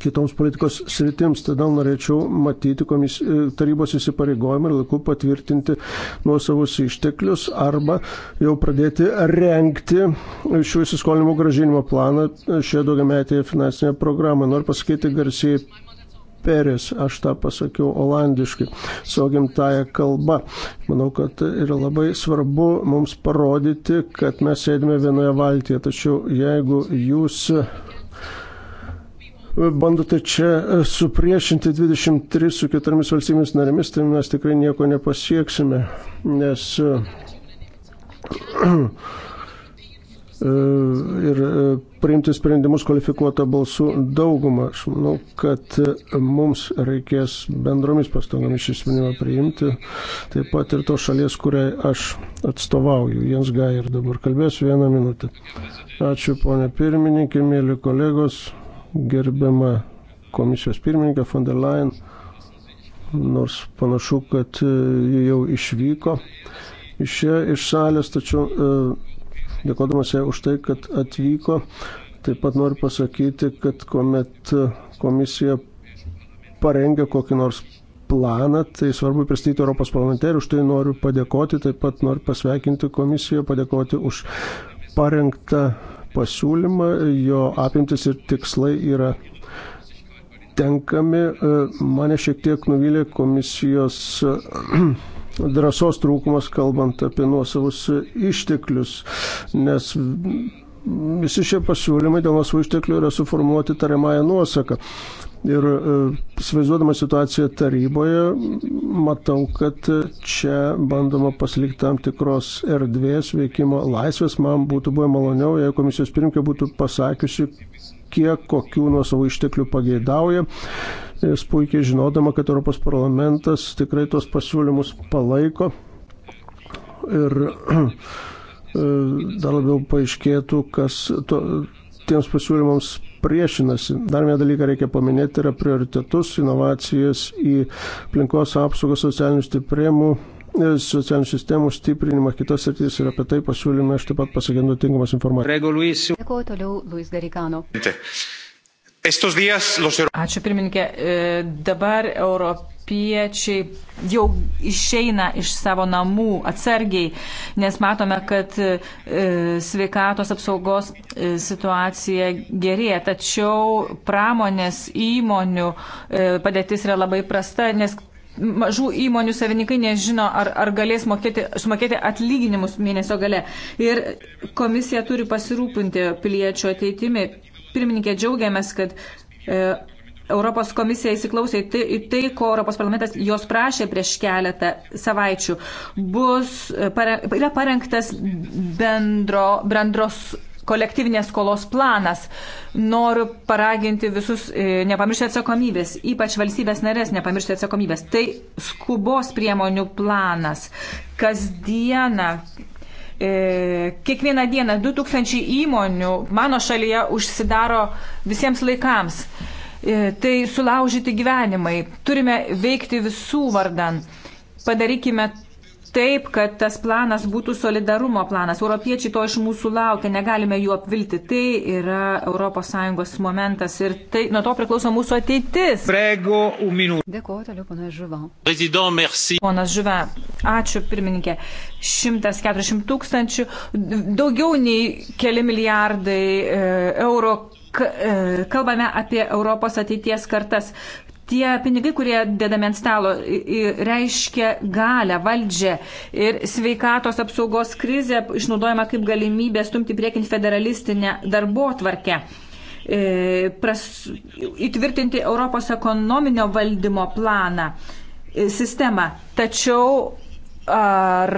kitoms politikos sritims. Todėl norėčiau matyti komis, e, tarybos įsipareigojimą ir laiku patvirtinti nuo savus išteklius arba jau pradėti renkti šių įsiskolinimų gražinimo planą šioje daugiametėje finansinėje programoje. Noriu pasakyti garsiai Peris, aš tą pasakiau olandiškai, savo gimtają kalbą. Manau, kad yra labai svarbu mums parodyti, kad mes sėdime vienoje valtyje, tačiau jeigu jūs bandote čia e, supriešinti 23 su kitomis valstybėmis narėmis, tai mes tikrai nieko nepasieksime, nes e, e, ir priimti sprendimus kvalifikuotą balsų daugumą. Aš manau, kad mums reikės bendromis pastangomis šį sprendimą priimti, taip pat ir to šalies, kuriai aš atstovauju. Jens Gai ir dabar kalbėsiu vieną minutę. Ačiū, ponė pirmininkė, mėly kolegos gerbiama komisijos pirmininkė von der Leyen, nors panašu, kad e, ji jau išvyko iš čia, iš salės, tačiau e, dėkodamas jai už tai, kad atvyko, taip pat noriu pasakyti, kad kuomet e, komisija parengia kokį nors planą, tai svarbu pristatyti Europos parlamente ir už tai noriu padėkoti, taip pat noriu pasveikinti komisiją, padėkoti už parengtą pasiūlymą, jo apimtis ir tikslai yra tenkami. E, mane šiek tiek nuvylė komisijos e, drąsos trūkumas, kalbant apie nuosavus išteklius, nes visi šie pasiūlymai dėl nuosavų išteklių yra suformuoti tariamąją nuosaką. Ir e, svaizduodama situaciją taryboje, matau, kad čia bandoma pasilikti tam tikros erdvės veikimo laisvės. Man būtų buvę maloniau, jei komisijos pirmkė būtų pasakiusi, kiek kokių nuo savo išteklių pageidauja. Jis puikiai žinodama, kad Europos parlamentas tikrai tuos pasiūlymus palaiko. Ir e, dar labiau paaiškėtų, kas to, tiems pasiūlymams priešinasi. Dar vieną dalyką reikia paminėti yra prioritetus, inovacijas į aplinkos apsaugos socialinių stiprėjimų e, socialinių sistemų stiprinimą kitos sritys ir apie tai pasiūlyme aš taip pat pasigendu tinkamos informacijos. Dėkuoju toliau, Luis Garikano. Ačiū pirmininkė. E, dabar Europos europiečiai jau išeina iš savo namų atsargiai, nes matome, kad e, sveikatos apsaugos e, situacija gerėja, tačiau pramonės įmonių e, padėtis yra labai prasta, nes mažų įmonių savininkai nežino, ar, ar galės mokėti, sumokėti atlyginimus mėnesio gale. Ir komisija turi pasirūpinti piliečio ateitimi. Pirmininkė džiaugiamės, kad e, Europos komisija įsiklausė tai, į tai, ko Europos parlamentas jos prašė prieš keletą savaičių. Bus, e, pare, yra parengtas bendro, bendros kolektyvinės skolos planas. Noriu paraginti visus e, nepamiršti atsakomybės, ypač valstybės narės nepamiršti atsakomybės. Tai skubos priemonių planas. Kasdieną, e, kiekvieną dieną 2000 įmonių mano šalyje užsidaro visiems laikams. E, E, tai sulaužyti gyvenimai. Turime veikti visų vardan. Padarykime taip, kad tas planas būtų solidarumo planas. Europiečiai to iš mūsų laukia, negalime jų apvilti. Tai yra ES momentas ir tai, nuo to priklauso mūsų ateitis. Prego, un minut. Dėkuoju, toliau, ponas Žuvan. Prezident, merci. Ponas Žuvan, ačiū pirmininkė. 140 tūkstančių, daugiau nei keli milijardai e, eurų E, kalbame apie Europos ateities kartas. Tie pinigai, kurie dedami ant stalo, reiškia galę, valdžią ir sveikatos apsaugos krizė išnaudojama kaip galimybė stumti priekin federalistinę darbo tvarkę. E, pras, įtvirtinti Europos ekonominio valdymo planą, e, sistemą. Tačiau ar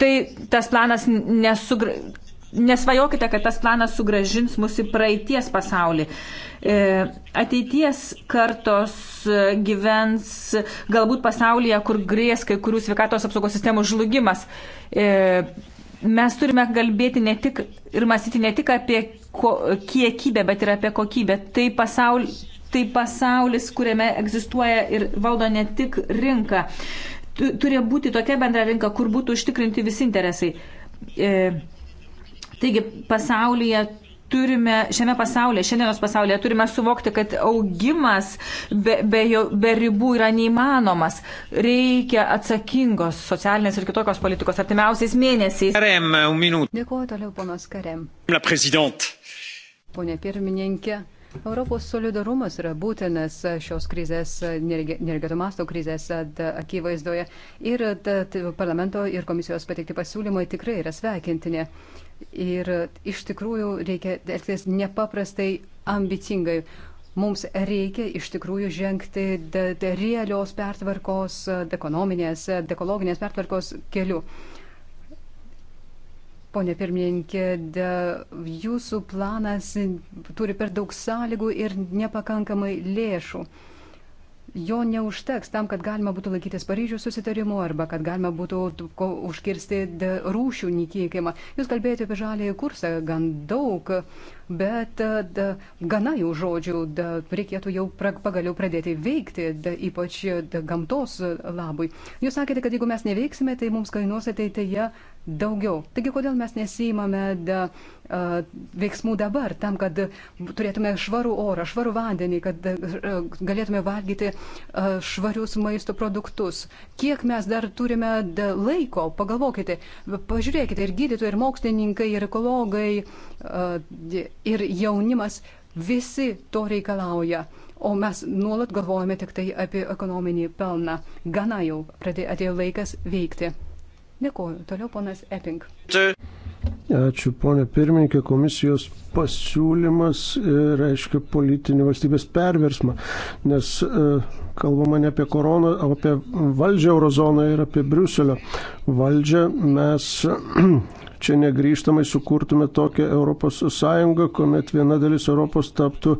tai tas planas nesugrąžinti nesvajokite, kad tas planas sugražins mūsų praeities pasaulį. E, ateities kartos e, gyvens galbūt pasaulyje, kur grės kai kurių sveikatos apsaugos sistemų žlugimas. E, mes turime kalbėti ne tik ir mąstyti ne tik apie kiekybę, bet ir apie kokybę. Tai pasaulis, tai pasaulis kuriame egzistuoja ir valdo ne tik rinka. Turi būti tokia bendra rinka, kur būtų užtikrinti visi interesai. E, Taigi pasaulyje turime, šiame pasaulyje, šiandienos pasaulyje turime suvokti, kad augimas be, be, jo, be ribų yra neįmanomas. Reikia atsakingos socialinės ir kitokios politikos artimiausiais mėnesiais. Karem, un minut. Dėkuoju toliau, ponas Karem. La prezident. Pone pirmininkė. Europos solidarumas yra būtinas šios krizės, neregėto masto krizės akivaizdoje ir parlamento ir komisijos pateikti pasiūlymai tikrai yra sveikintini. Ir iš tikrųjų reikia elgtis nepaprastai ambicingai. Mums reikia iš tikrųjų žengti de, de realios pertvarkos, ekonominės, ekologinės pertvarkos keliu. Pone pirmininkė, de, jūsų planas turi per daug sąlygų ir nepakankamai lėšų. Uh, jo neužteks tam, kad galima būtų laikytis Paryžiaus susitarimo arba kad galima būtų užkirsti rūšių nykėjimą. Jūs kalbėjote apie žalį kursą gan daug, bet da, gana jau žodžių da, reikėtų jau pra, pagaliau pradėti veikti, da, ypač da, gamtos labui. Jūs sakėte, kad jeigu mes neveiksime, tai mums kainuos ateityje daugiau. Taigi, kodėl mes nesijimame da, a, veiksmų dabar, tam, kad turėtume švarų orą, švarų vandenį, kad a, galėtume valgyti a, švarius maisto produktus. Kiek mes dar turime da, laiko, pagalvokite, pažiūrėkite, ir gydytojai, ir mokslininkai, ir ekologai, a, ir jaunimas, visi to reikalauja. O mes nuolat galvojame tik tai apie ekonominį pelną. Gana jau atėjo laikas veikti. Dėkuoju. Toliau ponas Epping. Ačiū, ponė pirmininkė, komisijos pasiūlymas e, reiškia politinį valstybės perversmą, nes e, kalbama ne apie koroną, o apie valdžią eurozoną ir apie Briuselio valdžią. Mes čia negryžtamai sukurtume tokią Europos Sąjungą, kuomet viena dalis Europos taptų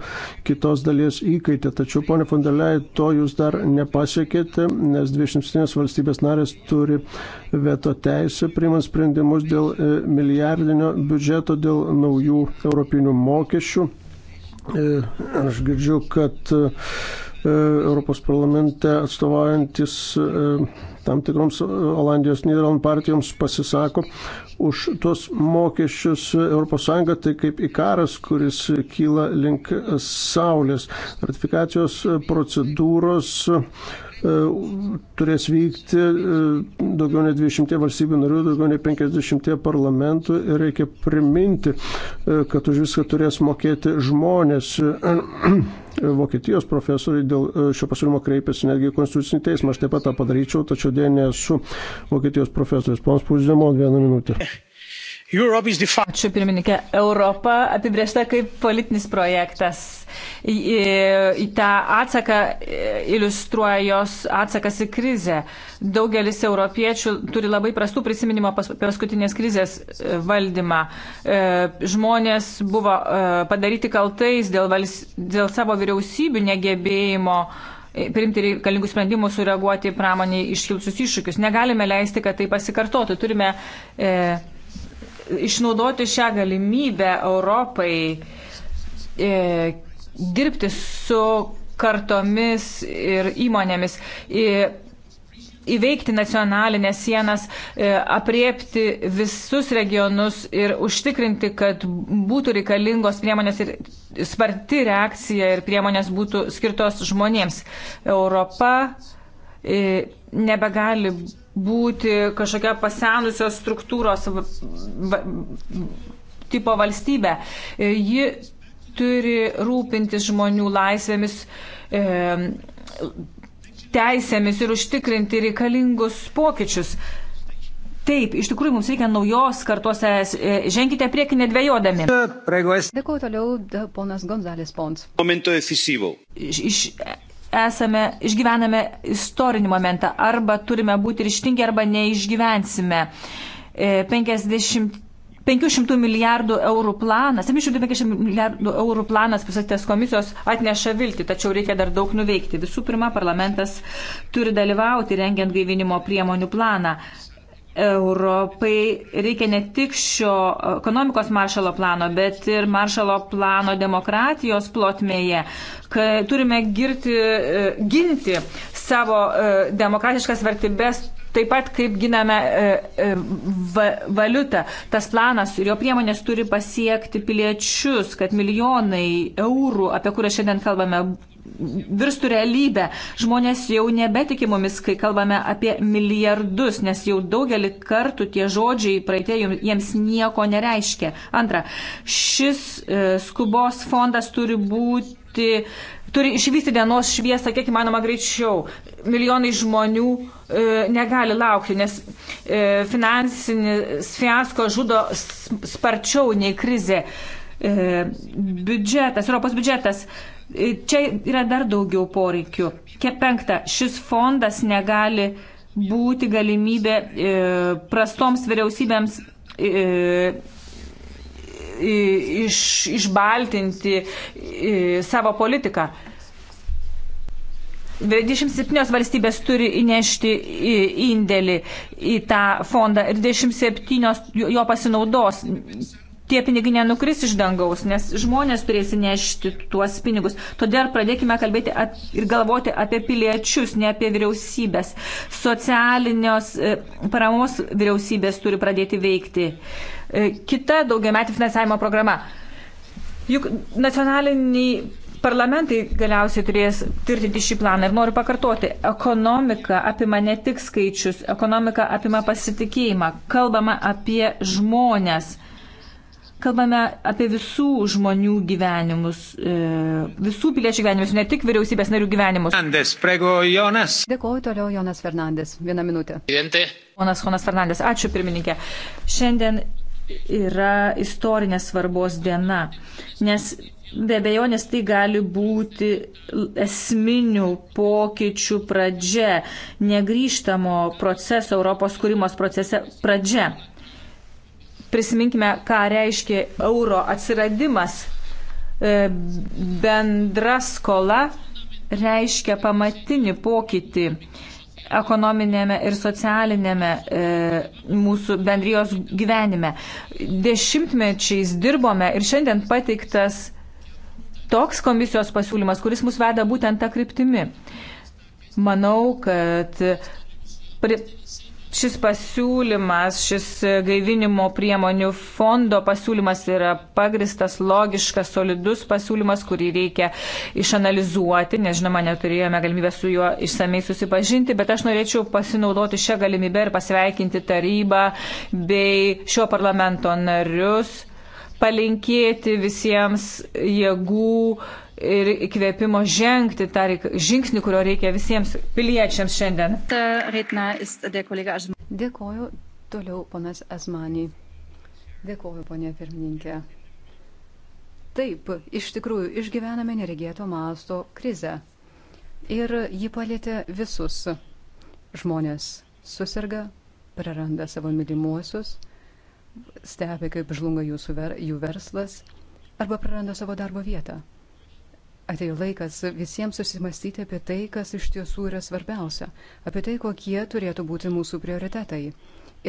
kitos dalies įkaitė. Tačiau, ponė von der Leyen, to jūs dar nepasiekėte, nes 27 valstybės narės turi veto teisę, priimant sprendimus dėl e, milijardinio biudžeto, dėl naujų europinių mokesčių. E, aš girdžiu, kad E, Europos parlamente atstovaujantis e, tam tikroms Olandijos Niderlandų partijoms pasisako už tuos mokesčius ES, tai kaip įkaras, kuris kyla link Saulės. Ratifikacijos procedūros E, turės vykti e, daugiau nei 200 valstybių narių, daugiau nei 50 parlamentų ir reikia priminti, e, kad už viską turės mokėti žmonės. Vokietijos profesoriai dėl šio pasiūlymo kreipėsi netgi konstitucinį teismą. Aš taip pat tą padaryčiau, tačiau dėja nesu Vokietijos profesorius. Pons Pusdėmo, vieną minutę. Ačiū pirmininkė. Europa apibriešta kaip politinis projektas. Į tą atsaką e, iliustruoja jos atsakas į krizę. Daugelis europiečių turi labai prastų prisiminimo paskutinės krizės e, valdymą. E, žmonės buvo padaryti kaltais dėl, vals, dėl savo vyriausybių negebėjimo priimti reikalingus sprendimus, sureaguoti pramoniai iškilusius iššūkius. Negalime leisti, kad tai pasikartotų. Turime e, išnaudoti šią galimybę Europai e, dirbti su kartomis ir įmonėmis. E, Įveikti nacionalinės sienas, e, apriepti visus regionus ir užtikrinti, kad būtų reikalingos priemonės ir sparti reakcija ir priemonės būtų skirtos žmonėms. Europa e, nebegali būti kažkokia pasenusios struktūros tipo valstybė. E, ji turi rūpintis žmonių laisvėmis, e, teisėmis ir užtikrinti reikalingus pokyčius. Taip, iš tikrųjų mums reikia naujos kartos, e, ženkite priekį nedvėjodami. Dėkuoju toliau, ponas Gonzalės Pons. Momento efesyvau. Iš esame, išgyvename istorinį momentą. Arba turime būti ryštingi, arba neišgyvensime. 50 e, 500 milijardų eurų planas, 750 milijardų eurų planas pristatytas komisijos atneša viltį, tačiau reikia dar daug nuveikti. Visų pirma, parlamentas turi dalyvauti rengiant gaivinimo priemonių planą. Europai reikia ne tik šio ekonomikos maršalo plano, bet ir maršalo plano demokratijos plotmėje. Turime girti, e, ginti savo e, demokratiškas vertybės. Taip pat kaip giname e, valiutą, tas planas ir jo priemonės turi pasiekti piliečius, kad milijonai eurų, apie kurią šiandien kalbame, virstų realybę. Žmonės jau nebetiki mumis, kai kalbame apie milijardus, nes jau daugelį kartų tie žodžiai praeitie jiems nieko nereiškia. Antra, šis e, skubos fondas turi būti turi išvysti dienos šviesą kiek įmanoma greičiau. Milijonai žmonių e, negali laukti, nes e, finansinis fiasko žudo sparčiau nei krizė. E, biudžetas, Europos biudžetas e, Čia yra dar daugiau poreikių. Kiek penkta, šis fondas negali būti galimybė e, prastoms vyriausybėms e, e iš, išbaltinti e, savo politiką. 27 valstybės turi įnešti indėlį į tą fondą ir 27 jo pasinaudos tie pinigai nenukris iš dangaus, nes žmonės turės įnešti tuos pinigus. Todėl pradėkime kalbėti at, ir galvoti apie piliečius, ne apie vyriausybės. Socialinios e, paramos vyriausybės turi pradėti veikti. E, kita daugiametė finansavimo programa. Juk nacionaliniai parlamentai galiausiai turės tvirtinti šį planą. Ir noriu pakartoti, ekonomika apima ne tik skaičius, ekonomika apima pasitikėjimą. Kalbama apie žmonės kalbame apie visų žmonių gyvenimus, e, visų piliečių gyvenimus, ne tik vyriausybės narių gyvenimus. Fernandes, prego Jonas. Dėkuoju toliau, Jonas Fernandes. Vieną minutę. Jonas Jonas Fernandes, ačiū pirmininkė. Šiandien yra istorinės svarbos diena, nes be abejonės tai gali būti esminių pokyčių pradžia, negryžtamo proceso, Europos kūrimos procese pradžia prisiminkime, ką reiškia euro atsiradimas. E, bendra skola reiškia pamatinį pokytį ekonominėme ir socialinėme e, mūsų bendrijos gyvenime. Dešimtmečiais dirbome ir šiandien pateiktas toks komisijos pasiūlymas, kuris mus veda būtent tą kryptimį. Manau, kad pri, šis pasiūlymas, šis gaivinimo priemonių fondo pasiūlymas yra pagristas, logiškas, solidus pasiūlymas, kurį reikia išanalizuoti, nes žinoma, neturėjome galimybę su juo išsamei susipažinti, bet aš norėčiau pasinaudoti šią galimybę ir pasveikinti tarybą bei šio parlamento narius, palinkėti visiems jėgų, ir įkvėpimo žengti tą reik, žingsnį, kurio reikia visiems piliečiams šiandien. Dėkoju toliau, ponas Asmanį. Dėkoju, ponė pirmininkė. Taip, iš tikrųjų, išgyvename neregėto masto krizę. Ir ji palėtė visus. Žmonės susirga, praranda savo mylimuosius, stebi, kaip žlunga ver, jų verslas arba praranda savo darbo vietą atėjo laikas visiems susimastyti apie tai, kas iš tiesų yra svarbiausia, apie tai, kokie turėtų būti mūsų prioritetai.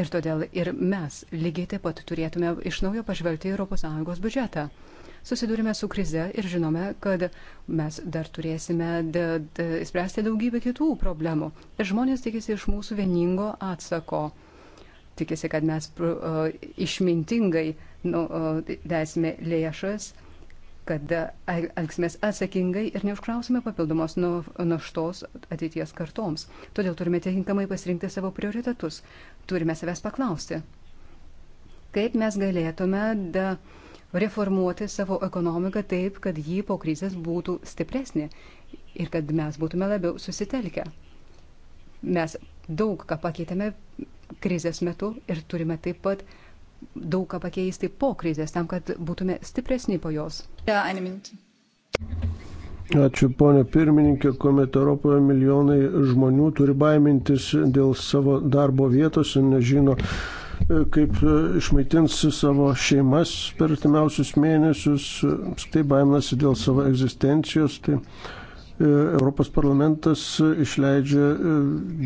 Ir todėl ir mes lygiai taip pat turėtume iš naujo pažvelgti ES biudžetą. Susidūrime su krize ir žinome, kad mes dar turėsime spręsti daugybę kitų problemų. Ir žmonės tikisi iš mūsų vieningo atsako. Tikisi, kad mes uh, išmintingai nu, uh, dėsime lėšas uh, kad e, elgsimės atsakingai ir neužkrausime papildomos nu, naštos ateities kartoms. Todėl turime tinkamai pasirinkti savo prioritetus. Turime savęs paklausti, kaip mes galėtume da, reformuoti savo ekonomiką taip, kad ji po krizės būtų stipresnė ir kad mes būtume labiau susitelkę. Mes daug ką pakeitėme krizės metu ir turime taip pat uh, daug ką pakeisti po krizės, tam, kad būtume stipresni po jos. Ja, Ačiū, ponė pirmininkė, kuomet Europoje milijonai žmonių turi baimintis dėl savo darbo vietos ir nežino, e, kaip e, išmaitins savo šeimas per artimiausius mėnesius, tai baiminasi dėl savo egzistencijos. Tai E, Europos parlamentas išleidžia e,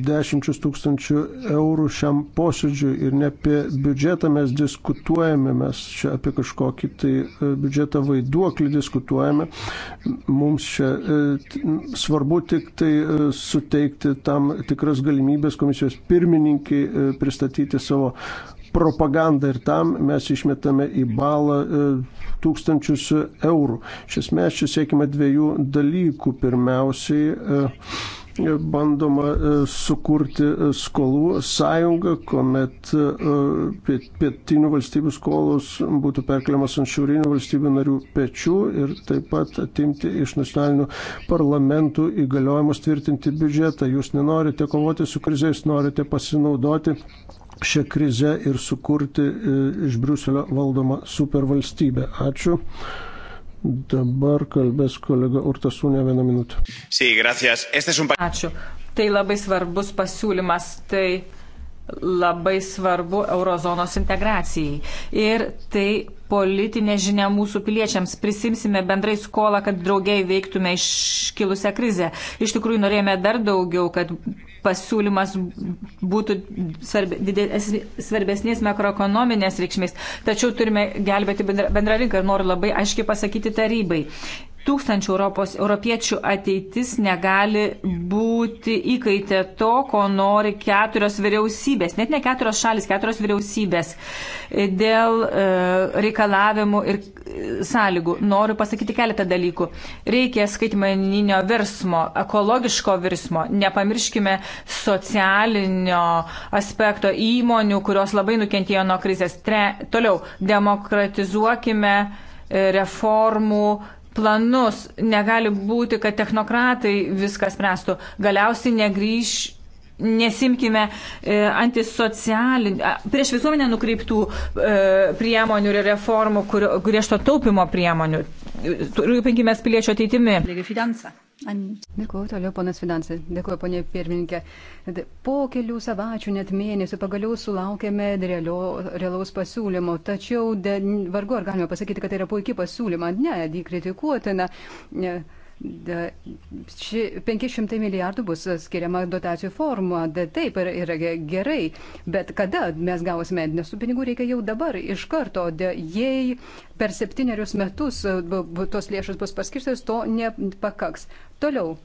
dešimčius tūkstančių eurų šiam posėdžiui ir ne apie biudžetą mes diskutuojame, mes čia apie kažkokį tai e, biudžetą vaiduoklį diskutuojame. Mums čia svarbu tik tai suteikti tam tikras galimybės komisijos pirmininkiai pristatyti savo propagandą ir tam mes išmetame į balą tūkstančius eurų. Iš esmės čia siekime dviejų dalykų. Pirmiausiai, e, bandoma e, sukurti e, skolų sąjungą, kuomet pietinių valstybių skolos būtų perkeliamas ant šiaurinių valstybių narių pečių ir taip pat atimti iš nacionalinių parlamentų įgaliojimus tvirtinti biudžetą. Jūs nenorite kovoti su krize, jūs norite pasinaudoti šią krizę ir sukurti e, iš Briuselio valdomą supervalstybę. Ačiū. Dabar kalbės kolega Urtasūnė vieną minutę. Ačiū. Tai labai svarbus pasiūlymas. Tai labai svarbu eurozonos integracijai. Ir tai politinė žinia mūsų piliečiams. Prisimsime bendrai skolą, kad draugiai veiktume iškilusią krizę. Iš tikrųjų norėjome dar daugiau, kad pasiūlymas būtų svarbesnės makroekonominės reikšmės, tačiau turime gelbėti bendrą rinką ir noriu labai aiškiai pasakyti tarybai tūkstančių Europos, europiečių ateitis negali būti įkaitė to, ko nori keturios vyriausybės, net ne keturios šalis, keturios vyriausybės dėl e, reikalavimų ir e, sąlygų. Noriu pasakyti keletą dalykų. Reikia skaitmeninio virsmo, ekologiško virsmo, nepamirškime socialinio aspekto įmonių, kurios labai nukentėjo nuo krizės. Tre, toliau, demokratizuokime e, reformų planus. Negali būti, kad technokratai viską spręstų. Galiausiai negrįž nesimkime e, antisocialinių, prieš visuomenę nukreiptų e, priemonių ir reformų, griežto taupimo priemonių. Rūpinkime piliečio ateitimi. Dėkuoju toliau, ponas Finansai. Dėkuoju, ponė pirmininkė. Po kelių savaičių, net mėnesių, pagaliau sulaukėme realio, realaus pasiūlymo. Tačiau de, vargu ar galime pasakyti, kad tai yra puikiai pasiūlyma. Ne, jį kritikuotina. Ne. Ši 500 milijardų bus skiriama dotacijų forma, da, taip yra, yra gerai, bet kada mes gausime, nes tų pinigų reikia jau dabar, iš karto, da, jei per septynerius metus tos lėšos bus paskirtos, to nepakaks. Toliau,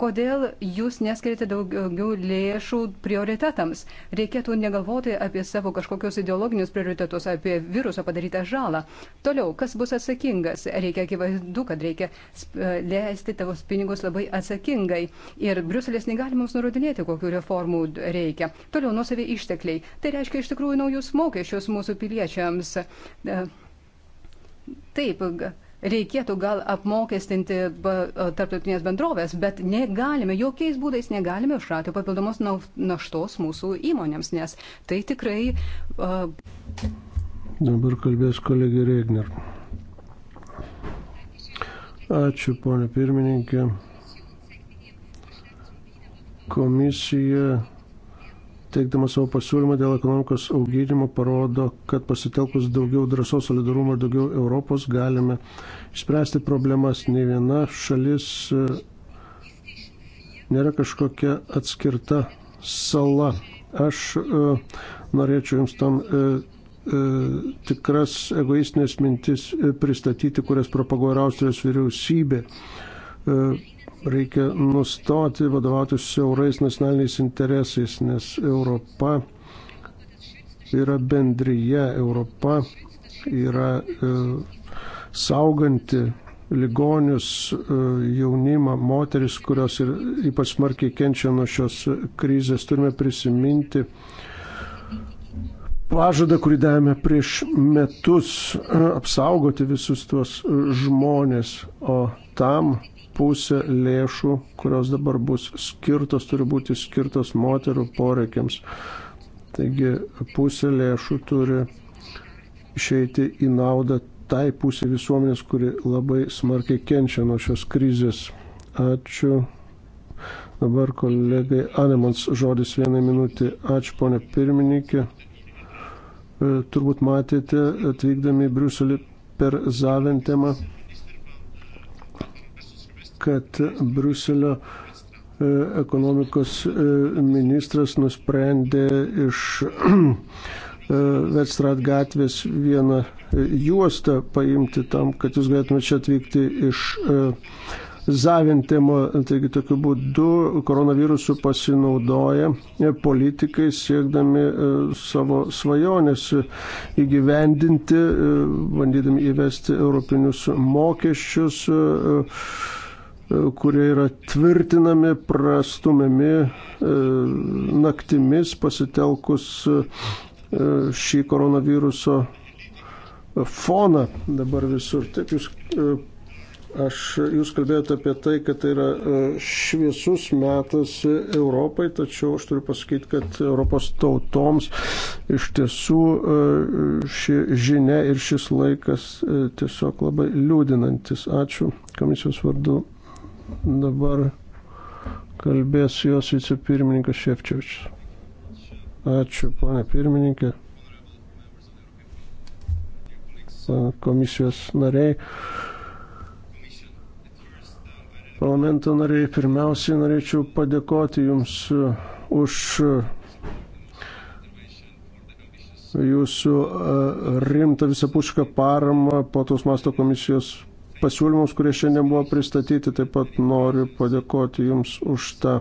Kodėl jūs neskirite daugiau lėšų prioritetams? Reikėtų negalvoti apie savo kažkokius ideologinius prioritetus, apie viruso padarytą žalą. Toliau, kas bus atsakingas? Reikia akivaizdu, kad reikia leisti tavos pinigus labai atsakingai. Ir Bruselis negali mums nurodinėti, kokiu reformų reikia. Toliau, nuosavė ištekliai. Tai reiškia iš tikrųjų naujus mokesčius mūsų piliečiams. Taip, reikėtų gal apmokestinti tarptautinės bendrovės, bet negalime, jokiais būdais negalime užrauti papildomos naštos mūsų įmonėms, nes tai tikrai. Uh... Dabar kalbės kolegė Regner. Ačiū, ponė pirmininkė. Komisija teikdamas savo pasiūlymą dėl ekonomikos auginimo, parodo, kad pasitelkus daugiau drąsos, solidarumo ir daugiau Europos galime išspręsti problemas. Ne viena šalis e, nėra kažkokia atskirta sala. Aš uh, norėčiau jums tam uh, uh, tikras egoistinės mintis pristatyti, kurias propaguoja Austrijos vyriausybė. Uh, reikia nustoti vadovauti siaurais nacionaliniais interesais, nes Europa yra bendryje, Europa yra e, sauganti ligonius, e, jaunimą, moteris, kurios ir ypač smarkiai kenčia nuo šios krizės. Turime prisiminti pažadą, kurį davėme prieš metus e, apsaugoti visus tuos žmonės, o tam pusė lėšų, kurios dabar bus skirtos, turi būti skirtos moterų poreikiams. Taigi pusė lėšų turi išeiti į naudą tai pusė visuomenės, kuri labai smarkiai kenčia nuo šios krizės. Ačiū. Dabar kolegai Anemans žodis vieną minutį. Ačiū, ponė pirmininkė. E, turbūt matėte, atvykdami į Briuselį per Zaventemą kad Bruselio e, ekonomikos e, ministras nusprendė iš e, Vetstrat gatvės vieną juostą paimti tam, kad jūs galėtumėte čia atvykti iš Zavintimo. Taigi tokiu būdu koronavirusu pasinaudoja politikai siekdami savo svajonės įgyvendinti, bandydami įvesti europinius mokesčius kurie yra tvirtinami, prastumiami e, naktimis pasitelkus e, šį koronaviruso foną dabar visur. Taip, jūs, e, aš, jūs kalbėjote apie tai, kad tai yra šviesus metas Europai, tačiau aš turiu pasakyti, kad Europos tautoms iš tiesų ši žinia ir šis laikas tiesiog labai liūdinantis. Ačiū komisijos vardu Dabar kalbės jos vicepirmininkas Šefčiovičius. Ačiū, ponė pirmininkė. Komisijos nariai. Parlamento nariai, pirmiausiai norėčiau padėkoti Jums už Jūsų rimtą visapušką paramą po tos masto komisijos pasiūlymus, kurie šiandien buvo pristatyti. Taip pat noriu padėkoti Jums už tą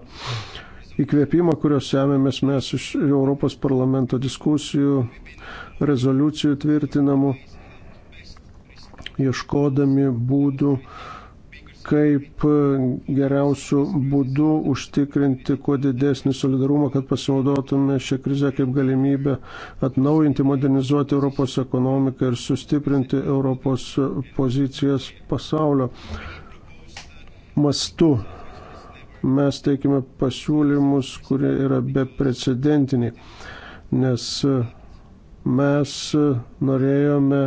įkvėpimą, kurios semėmės mes iš Europos parlamento diskusijų, rezoliucijų tvirtinamų, ieškodami būdų kaip e, geriausių būdų užtikrinti kuo didesnį solidarumą, kad pasinaudotume šią krizę kaip galimybę atnaujinti, modernizuoti Europos ekonomiką ir sustiprinti Europos pozicijas pasaulio mastu. Mes teikime pasiūlymus, kurie yra beprecedentiniai, nes e, mes e, norėjome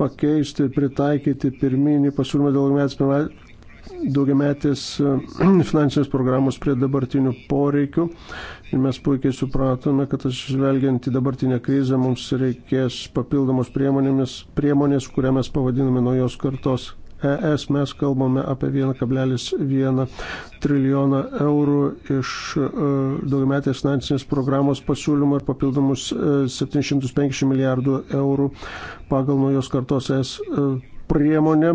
pakeisti ir pritaikyti pirminį pasiūlymą dėl daugiametės finansinės programos prie dabartinių poreikių. Ir mes puikiai supratome, kad atsižvelgiant į dabartinę krizę mums reikės papildomos priemonės, priemonės kurią mes pavadiname naujos kartos ES mes kalbame apie 1,1 trilijoną eurų iš e, daugiametės finansinės programos pasiūlymų ir papildomus 750 e, milijardų eurų pagal naujos kartos ES e, priemonę.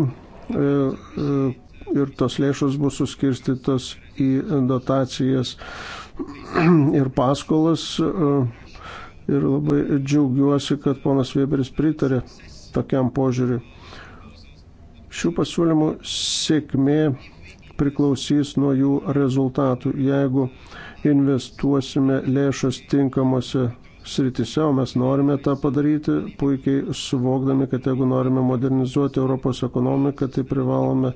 Ir tos lėšos bus suskirstytos į dotacijas ir paskolas. Ir labai džiaugiuosi, kad ponas Weberis pritarė tokiam požiūriui. Šių pasiūlymų sėkmė priklausys nuo jų rezultatų. Jeigu investuosime lėšas tinkamose sritise, o mes norime tą padaryti, puikiai suvokdami, kad jeigu norime modernizuoti Europos ekonomiką, tai privalome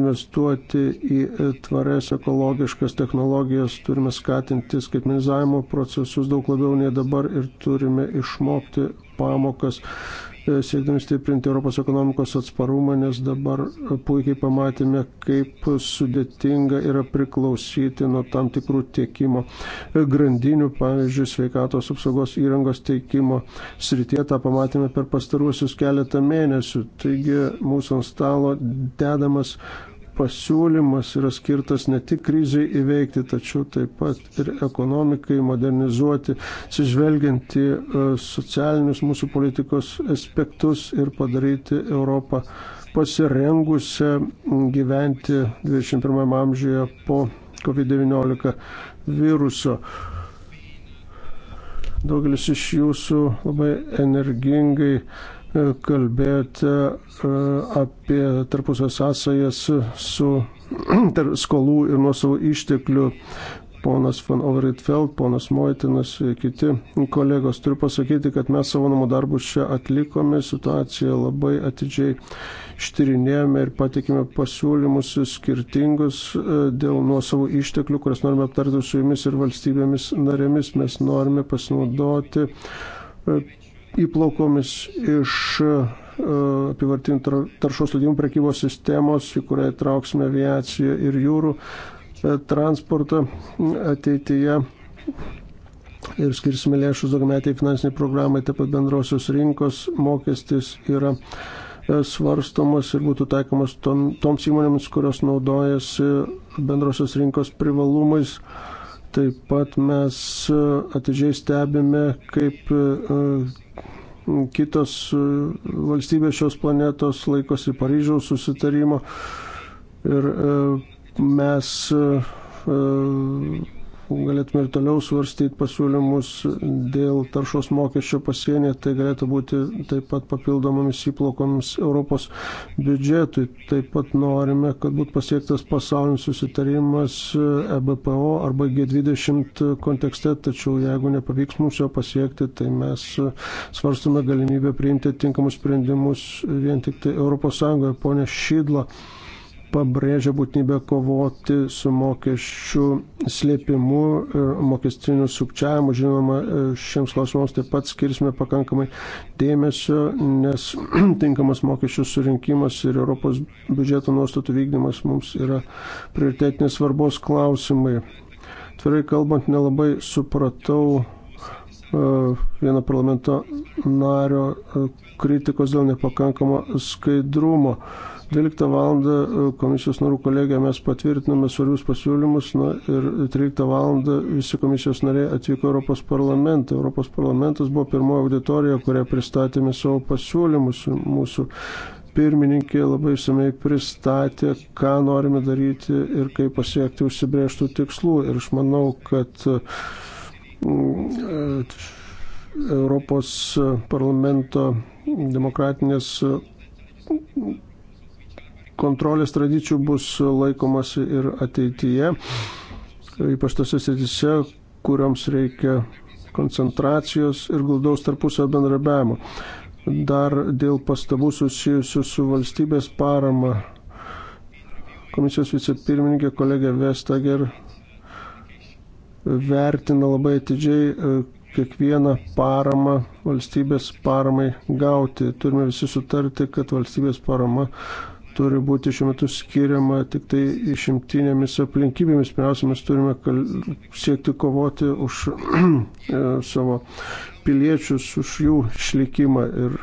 investuoti į tvarias ekologiškas technologijas, turime skatinti skaitmenizavimo procesus daug labiau nei dabar ir turime išmokti pamokas siekdami stiprinti Europos ekonomikos atsparumą, nes dabar puikiai pamatėme, kaip sudėtinga yra priklausyti nuo tam tikrų tiekimo grandinių, pavyzdžiui, sveikatos apsaugos įrangos teikimo srityje, tą pamatėme per pastaruosius keletą mėnesių. Taigi mūsų ant stalo dedamas pasiūlymas yra skirtas ne tik kriziai įveikti, tačiau taip pat ir ekonomikai modernizuoti, sižvelgianti e, socialinius mūsų politikos aspektus ir padaryti Europą pasirengusią gyventi 21 amžiuje po COVID-19 viruso. Daugelis iš jūsų labai energingai uh, kalbėjote apie tarpusio sąsajas su, su tarp skolų ir nuosavų išteklių. Ponas Van Overitfeld, ponas Moitinas, kiti kolegos. Turiu pasakyti, kad mes savo namų darbus čia atlikome, situaciją labai atidžiai ištyrinėjome ir patikime pasiūlymus skirtingus e, dėl nuosavų išteklių, kurias norime aptarti su jumis ir valstybėmis narėmis. Mes norime pasinaudoti e, įplaukomis iš e, apivartinių taršos leidimų prekybos sistemos, į kurią įtrauksime aviaciją ir jūrų e, transportą ateityje ir skirsime lėšus daugmetiai finansiniai programai, taip pat bendrosios rinkos mokestis yra e, svarstomas ir būtų taikomas tom, toms įmonėms, kurios naudojasi bendrosios rinkos privalumais Taip pat mes e, atidžiai stebime, kaip e, kitos e, valstybės šios planetos laikosi Paryžiaus susitarimo ir mes galėtume ir toliau svarstyti pasiūlymus dėl taršos mokesčio pasienė, tai galėtų būti taip pat papildomomis įplokomis Europos biudžetui. Taip pat norime, kad būtų pasiektas pasaulinis susitarimas EBPO arba G20 kontekste, tačiau jeigu nepavyks mums jo pasiekti, tai mes svarstame galimybę priimti tinkamus sprendimus vien tik tai ES, ponė Šydla pabrėžia būtinybę kovoti su mokesčių slėpimu ir mokestiniu sukčiavimu. Žinoma, šiems klausimams taip pat skirsime pakankamai dėmesio, nes tinkamas mokesčių surinkimas ir Europos biudžeto nuostatų vykdymas mums yra prioritetinės svarbos klausimai. Tvirai kalbant, nelabai supratau e, vieno parlamento nario e, kritikos dėl nepakankamo skaidrumo. 12 val. E, komisijos narų kolegija mes patvirtiname svarbius pasiūlymus na, ir 13 val. visi komisijos nariai atvyko Europos parlamentą. Europos parlamentas buvo pirmoji auditorija, kurią pristatėme savo pasiūlymus. Mūsų pirmininkė labai išsamei pristatė, ką norime daryti ir kaip pasiekti užsibrieštų tikslų. Ir aš manau, kad mm, e, Europos parlamento demokratinės kontrolės tradicijų bus laikomasi ir ateityje, ypač tose srityse, kuriams reikia koncentracijos ir glaudaus tarpusio bendrabiavimo. Dar dėl pastabų susijusių su valstybės parama. Komisijos vicepirmininkė kolegė Vestager vertina labai atidžiai e, kiekvieną paramą valstybės paramai gauti. Turime visi sutarti, kad valstybės parama turi būti šiuo metu skiriama tik tai išimtinėmis aplinkybėmis. Pirmiausia, mes turime kal... siekti kovoti už e, savo piliečius, už jų išlikimą ir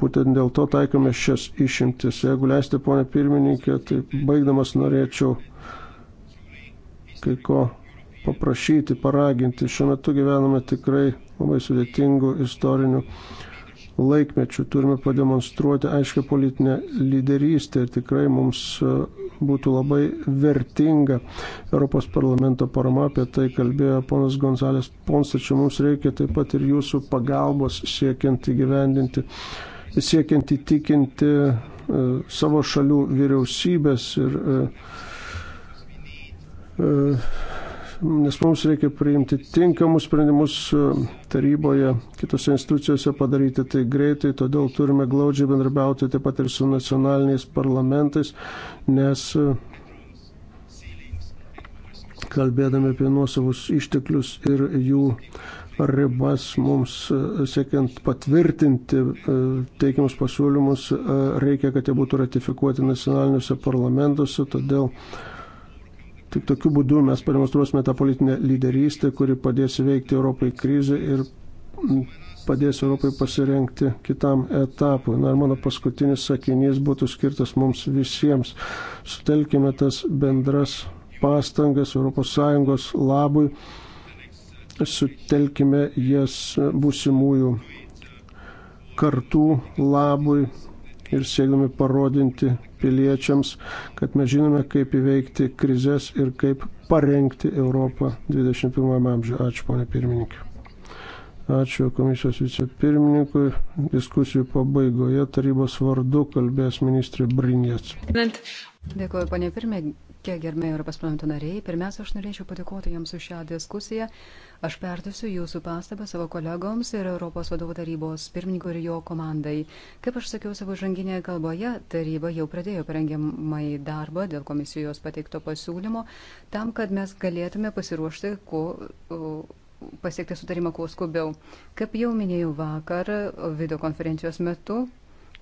būtent dėl to taikome šias išimtis. Jeigu leisite, ponė pirmininkė, tai baigdamas norėčiau kai ko paprašyti, paraginti. Šiuo metu gyvename tikrai labai sudėtingų istorinių laikmečių turime pademonstruoti aiškę politinę lyderystę ir tikrai mums e, būtų labai vertinga Europos parlamento parama, apie tai kalbėjo ponas Gonzalės Ponstačių, mums reikia taip pat ir jūsų pagalbos siekiant įgyvendinti, siekiant įtikinti e, savo šalių vyriausybės ir e, nes mums reikia priimti tinkamus sprendimus e, taryboje, kitose institucijose padaryti tai greitai, todėl turime glaudžiai bendrabiauti taip pat ir su nacionaliniais parlamentais, nes e, kalbėdami apie nuosavus išteklius ir jų ribas mums e, siekiant patvirtinti teikiamus pasiūlymus, reikia, kad jie būtų ratifikuoti nacionaliniuose parlamentuose, todėl Tik tokiu būdu mes pademonstruosime tą politinę lyderystę, kuri padės veikti Europai krizę ir padės Europai pasirenkti kitam etapui. Na ir mano paskutinis sakinys būtų skirtas mums visiems. Sutelkime tas bendras pastangas ES labui, sutelkime jas būsimųjų kartų labui ir siekdami parodinti piliečiams, kad mes žinome, kaip įveikti krizės ir kaip parengti Europą 21 amžiuje. Ačiū, ponė pirmininkė. Ačiū komisijos vicepirmininkui. Diskusijų pabaigoje tarybos vardu kalbės ministrė Brinės. Dėkuoju, ponė pirmininkė, gerbėjai Europos parlamento nariai. Pirmiausia, aš norėčiau padėkoti jums už šią diskusiją. Aš perdusiu jūsų pastabą savo kolegoms ir Europos vadovų tarybos pirmininkui ir jo komandai. Kaip aš sakiau savo žanginėje kalboje, taryba jau pradėjo parengiamąjį darbą dėl komisijos pateikto pasiūlymo, tam, kad mes galėtume pasiruošti kuo pasiekti sutarimą kuo skubiau. Kaip jau minėjau vakar video konferencijos metu,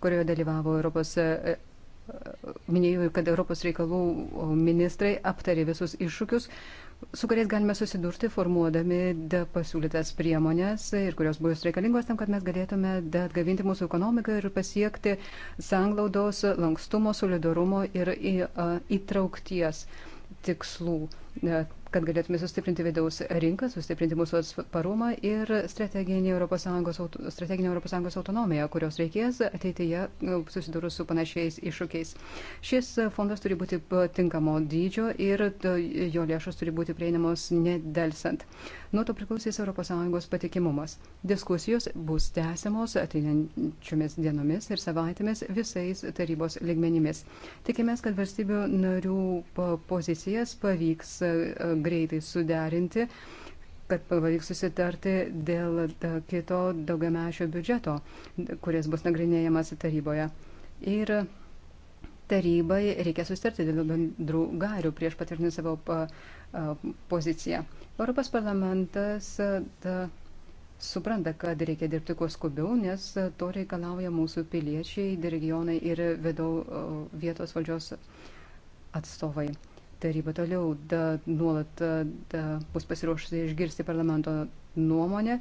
kurioje dalyvavo Europos e, e, minėjau, kad Europos reikalų ministrai aptarė visus iššūkius, su kuriais galime susidurti formuodami pasiūlytas priemonės ir kurios bus reikalingos tam, kad mes galėtume atgavinti mūsų ekonomiką ir pasiekti sanglaudos, lankstumo, solidarumo ir įtraukties tikslų kad galėtume sustiprinti vidaus rinką, sustiprinti mūsų atsparumą ir strateginę ES, strateginę ES autonomiją, kurios reikės ateityje nu, susidūrus su panašiais iššūkiais. Šis fondas turi būti tinkamo dydžio ir jo lėšos turi būti prieinamos nedelsant. Nuo to priklausys ES patikimumas. Diskusijos bus tęsiamos ateinančiomis dienomis ir savaitėmis visais tarybos ligmenimis. Tikimės, kad valstybių narių pozicijas pavyks e, greitai suderinti, kad pavyks susitarti dėl kito daugiamešio biudžeto, kuris bus nagrinėjamas taryboje. Ir tarybai reikia susitarti dėl bendrų gairių prieš patvirtinant savo poziciją. Europos parlamentas da, supranta, kad reikia dirbti kuo skubiau, nes to reikalauja mūsų piliečiai, regionai ir vėdau, vietos valdžios atstovai taryba toliau da, nuolat da, bus pasiruošusi išgirsti parlamento nuomonę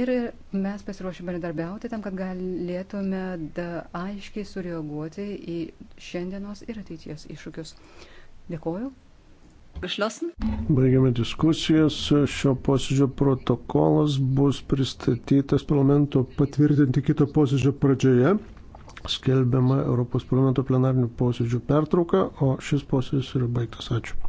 ir mes pasiruošę bendradarbiauti tam, kad galėtume da, aiškiai sureaguoti į šiandienos ir ateities iššūkius. Dėkoju. Geschlossen. Baigiame diskusijas. Šio posėdžio protokolas bus pristatytas parlamento patvirtinti kito posėdžio pradžioje skelbiama Europos parlamento plenarnių posėdžių pertrauka, o šis posėdis yra baigtas. Ačiū.